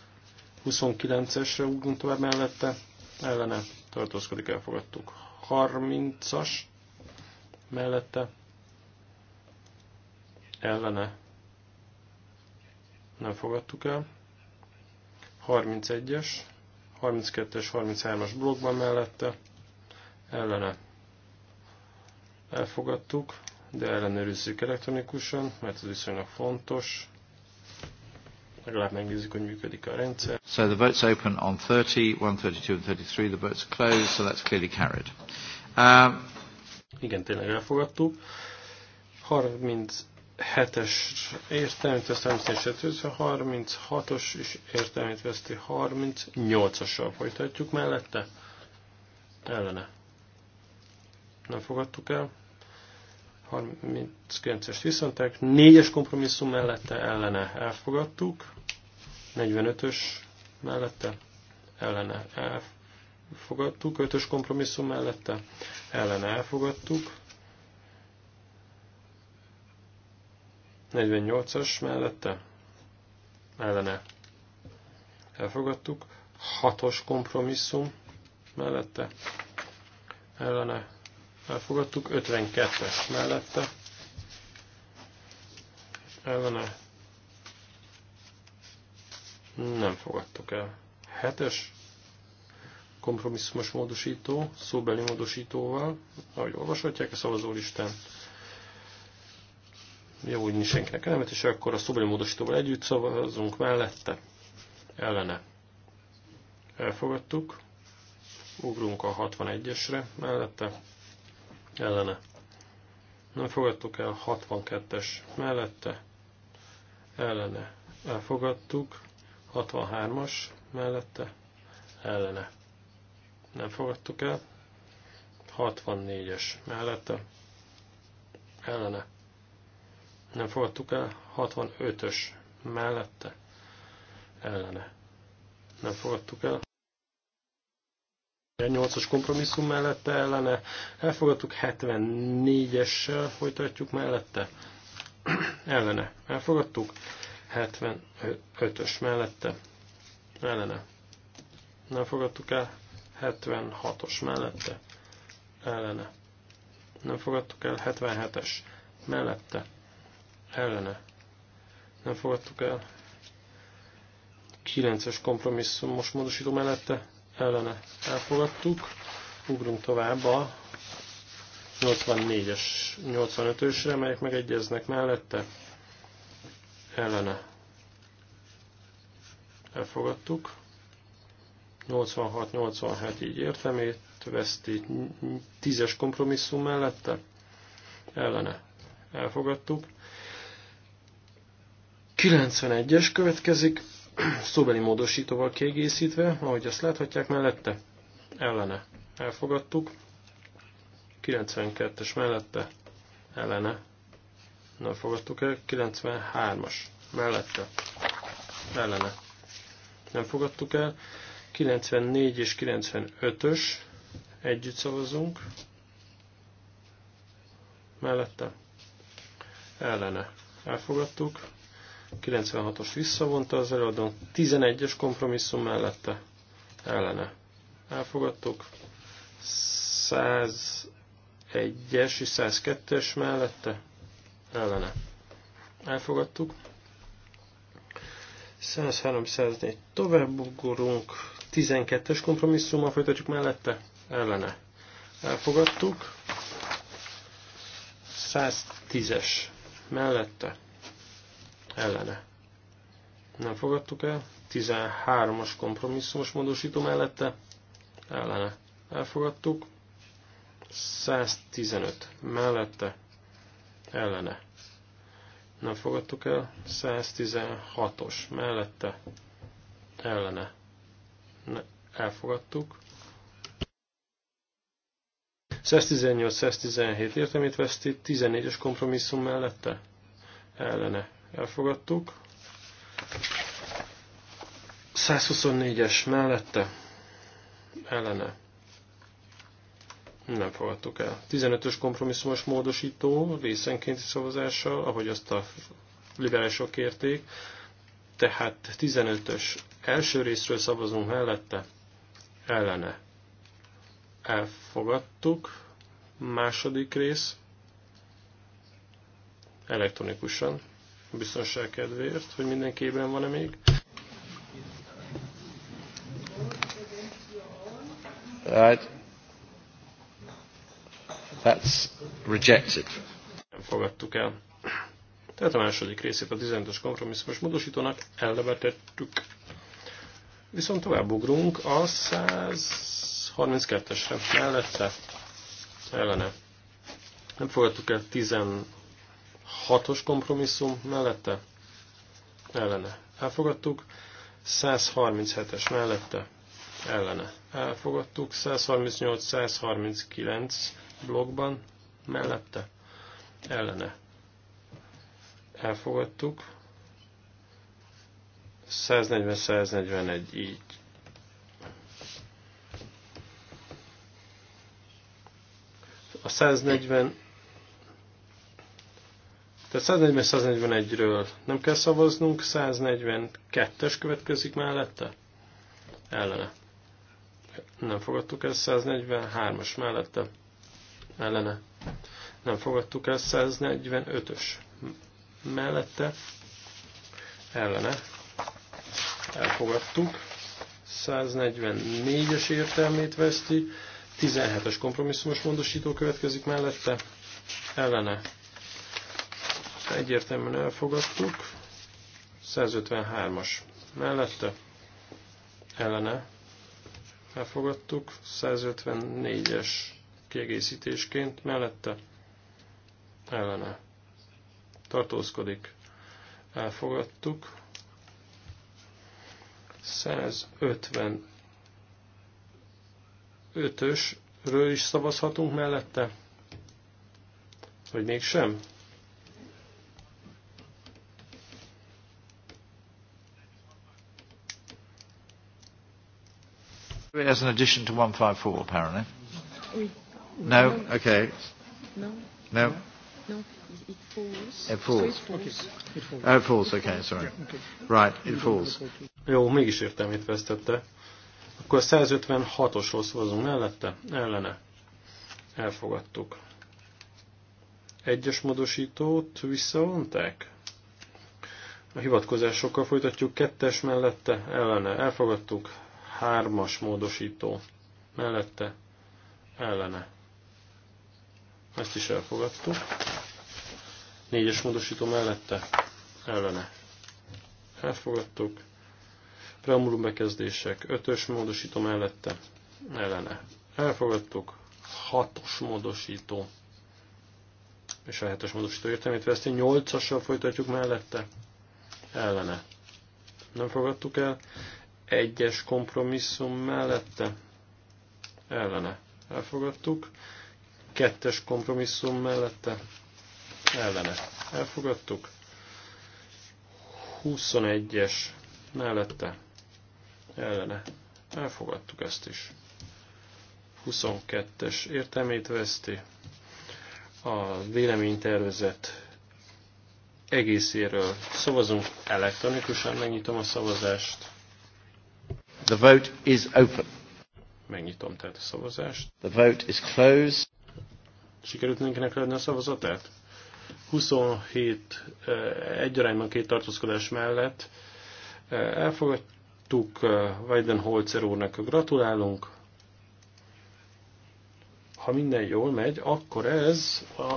29-esre ugrunk tovább mellette. Ellene tartózkodik, elfogadtuk. 30-as mellette. Ellene nem fogadtuk el. 31-es, 32-es, 33-as blokkban mellette, ellene elfogadtuk, de ellenőrizzük elektronikusan, mert ez viszonylag fontos. Legalább megnézzük, hogy működik a rendszer. So the vote's open on 30, 132 and 33. The vote's closed, so that's clearly carried. Um, Igen, tényleg elfogadtuk. 30 7-es értelmét veszti 37 36-os és értelmét veszti 38-assal. Folytatjuk mellette? Ellene. Nem fogadtuk el. 39-est viszontek. 4-es kompromisszum mellette ellene elfogadtuk. 45-ös mellette ellene elfogadtuk. 5-ös kompromisszum mellette ellene elfogadtuk. 48-as mellette ellene elfogadtuk, 6-os kompromisszum mellette ellene elfogadtuk, 52-es mellette ellene nem fogadtuk el. 7-es kompromisszumos módosító, szóbeli módosítóval, ahogy olvashatják a szavazólistán, javulni senkinek elemet, és akkor a szobori módosítóval együtt szavazunk mellette, ellene. Elfogadtuk. Ugrunk a 61-esre mellette, ellene. Nem fogadtuk el 62-es mellette, ellene. Elfogadtuk. 63-as mellette, ellene. Nem fogadtuk el. 64-es mellette, ellene nem fogadtuk el, 65-ös mellette ellene nem fogadtuk el. 8-as kompromisszum mellette ellene, elfogadtuk 74-essel, folytatjuk mellette, ellene, elfogadtuk 75-ös mellette, ellene, nem fogadtuk el 76-os mellette, ellene, nem fogadtuk el 77-es mellette, ellene nem fogadtuk el. 9-es kompromisszum most módosító mellette ellene elfogadtuk. Ugrunk tovább a 84-es, 85-ösre, melyek megegyeznek mellette ellene elfogadtuk. 86-87 így értemét veszti 10-es kompromisszum mellette ellene elfogadtuk. 91-es következik, (clears throat) szóbeli módosítóval kiegészítve, ahogy azt láthatják mellette, ellene elfogadtuk, 92-es mellette, ellene nem fogadtuk el, 93-as mellette, ellene nem fogadtuk el, 94 és 95-ös együtt szavazunk, mellette, ellene elfogadtuk, 96-os visszavonta az előadón, 11-es kompromisszum mellette ellene elfogadtuk, 101-es és 102-es mellette ellene elfogadtuk, 103-104 tovább ugorunk, 12-es kompromisszummal folytatjuk mellette ellene elfogadtuk, 110-es mellette ellene. Nem fogadtuk el. 13-as kompromisszumos módosító mellette ellene. Elfogadtuk. 115 mellette ellene. Nem fogadtuk el. 116-os mellette ellene. Ne, elfogadtuk. 118-117 értelmét veszti, 14-es kompromisszum mellette ellene elfogadtuk. 124-es mellette, ellene, nem fogadtuk el. 15-ös kompromisszumos módosító részenkénti szavazással, ahogy azt a liberálisok kérték, tehát 15-ös első részről szavazunk mellette, ellene. Elfogadtuk. Második rész elektronikusan biztonság kedvéért, hogy mindenképpen van-e még. Right. That's rejected. Nem fogadtuk el. Tehát a második részét a 15-ös kompromisszumos módosítónak ellevetettük. Viszont tovább ugrunk a 132-esre mellette ellene. Nem fogadtuk el hatos kompromisszum mellette ellene elfogadtuk, 137-es mellette ellene elfogadtuk, 138-139 blokkban mellette ellene elfogadtuk, 140-141 így. A 140 tehát 140-141-ről nem kell szavaznunk, 142-es következik mellette, ellene. Nem fogadtuk el 143-as mellette, ellene. Nem fogadtuk el 145-ös mellette, ellene. Elfogadtuk. 144-es értelmét veszti, 17-es kompromisszumos módosító következik mellette, ellene egyértelműen elfogadtuk. 153-as mellette, ellene elfogadtuk. 154-es kiegészítésként mellette, ellene tartózkodik, elfogadtuk. 155-ösről is szavazhatunk mellette, vagy mégsem? do it As an addition to 154, apparently. Mm. No? Okay. No. No. No. It falls. It falls. So it falls. Okay. It falls. Oh, it falls. Okay, sorry. Yeah, okay. Right, it falls. Jó, mégis értem, mit vesztette. Akkor 156-osról szavazunk mellette, ellene. Elfogadtuk. Egyes módosítót visszavonták? A hivatkozásokkal folytatjuk, kettes mellette, ellene. Elfogadtuk hármas módosító mellette ellene. Ezt is elfogadtuk. Négyes módosító mellette ellene. Elfogadtuk. Preambulum bekezdések. Ötös módosító mellette ellene. Elfogadtuk. Hatos módosító és a hetes módosító értelmét veszti. Nyolcassal folytatjuk mellette. Ellene. Nem fogadtuk el egyes kompromisszum mellette ellene elfogadtuk, kettes kompromisszum mellette ellene elfogadtuk, 21-es mellette ellene elfogadtuk ezt is. 22-es értelmét veszti, a véleménytervezet egészéről szavazunk elektronikusan, megnyitom a szavazást. The vote is open. Megnyitom tehát a szavazást. The vote is closed. Sikerült nekinek leadni a szavazatát? 27 eh, egyarányban két tartózkodás mellett eh, elfogadtuk eh, Weidenholzer úrnak, gratulálunk. Ha minden jól megy, akkor ez a...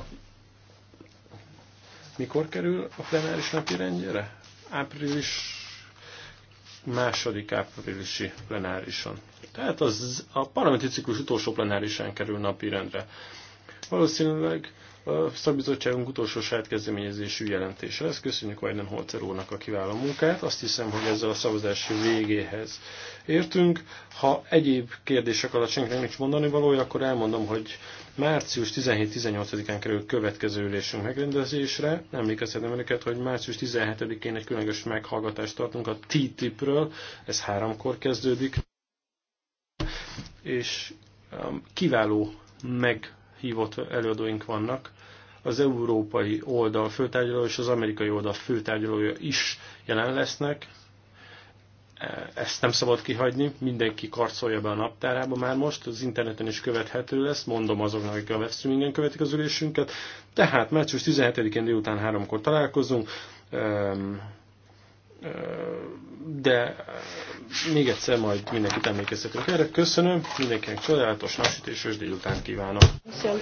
mikor kerül a plenáris napi rendjére? Április második áprilisi plenárison. Tehát az a parlamenti ciklus utolsó plenárisán kerül napirendre. Valószínűleg a szakbizottságunk utolsó saját kezdeményezésű jelentése lesz. Köszönjük Vajden Holzer úrnak a kiváló munkát. Azt hiszem, hogy ezzel a szavazás végéhez értünk. Ha egyéb kérdések alatt senkinek nincs mondani valója, akkor elmondom, hogy Március 17-18-án kerül következő ülésünk megrendezésre. Emlékeztetem önöket, hogy március 17-én egy különleges meghallgatást tartunk a TTIP-ről. Ez háromkor kezdődik. És um, kiváló meghívott előadóink vannak. Az európai oldal főtárgyalója és az amerikai oldal főtárgyalója is jelen lesznek ezt nem szabad kihagyni, mindenki karcolja be a naptárába már most, az interneten is követhető lesz, mondom azoknak, akik a webstreamingen követik az ülésünket. Tehát március 17-én délután háromkor találkozunk, de még egyszer majd mindenkit emlékeztetünk erre. Köszönöm, mindenkinek csodálatos napsütéses délután kívánok! Köszönöm.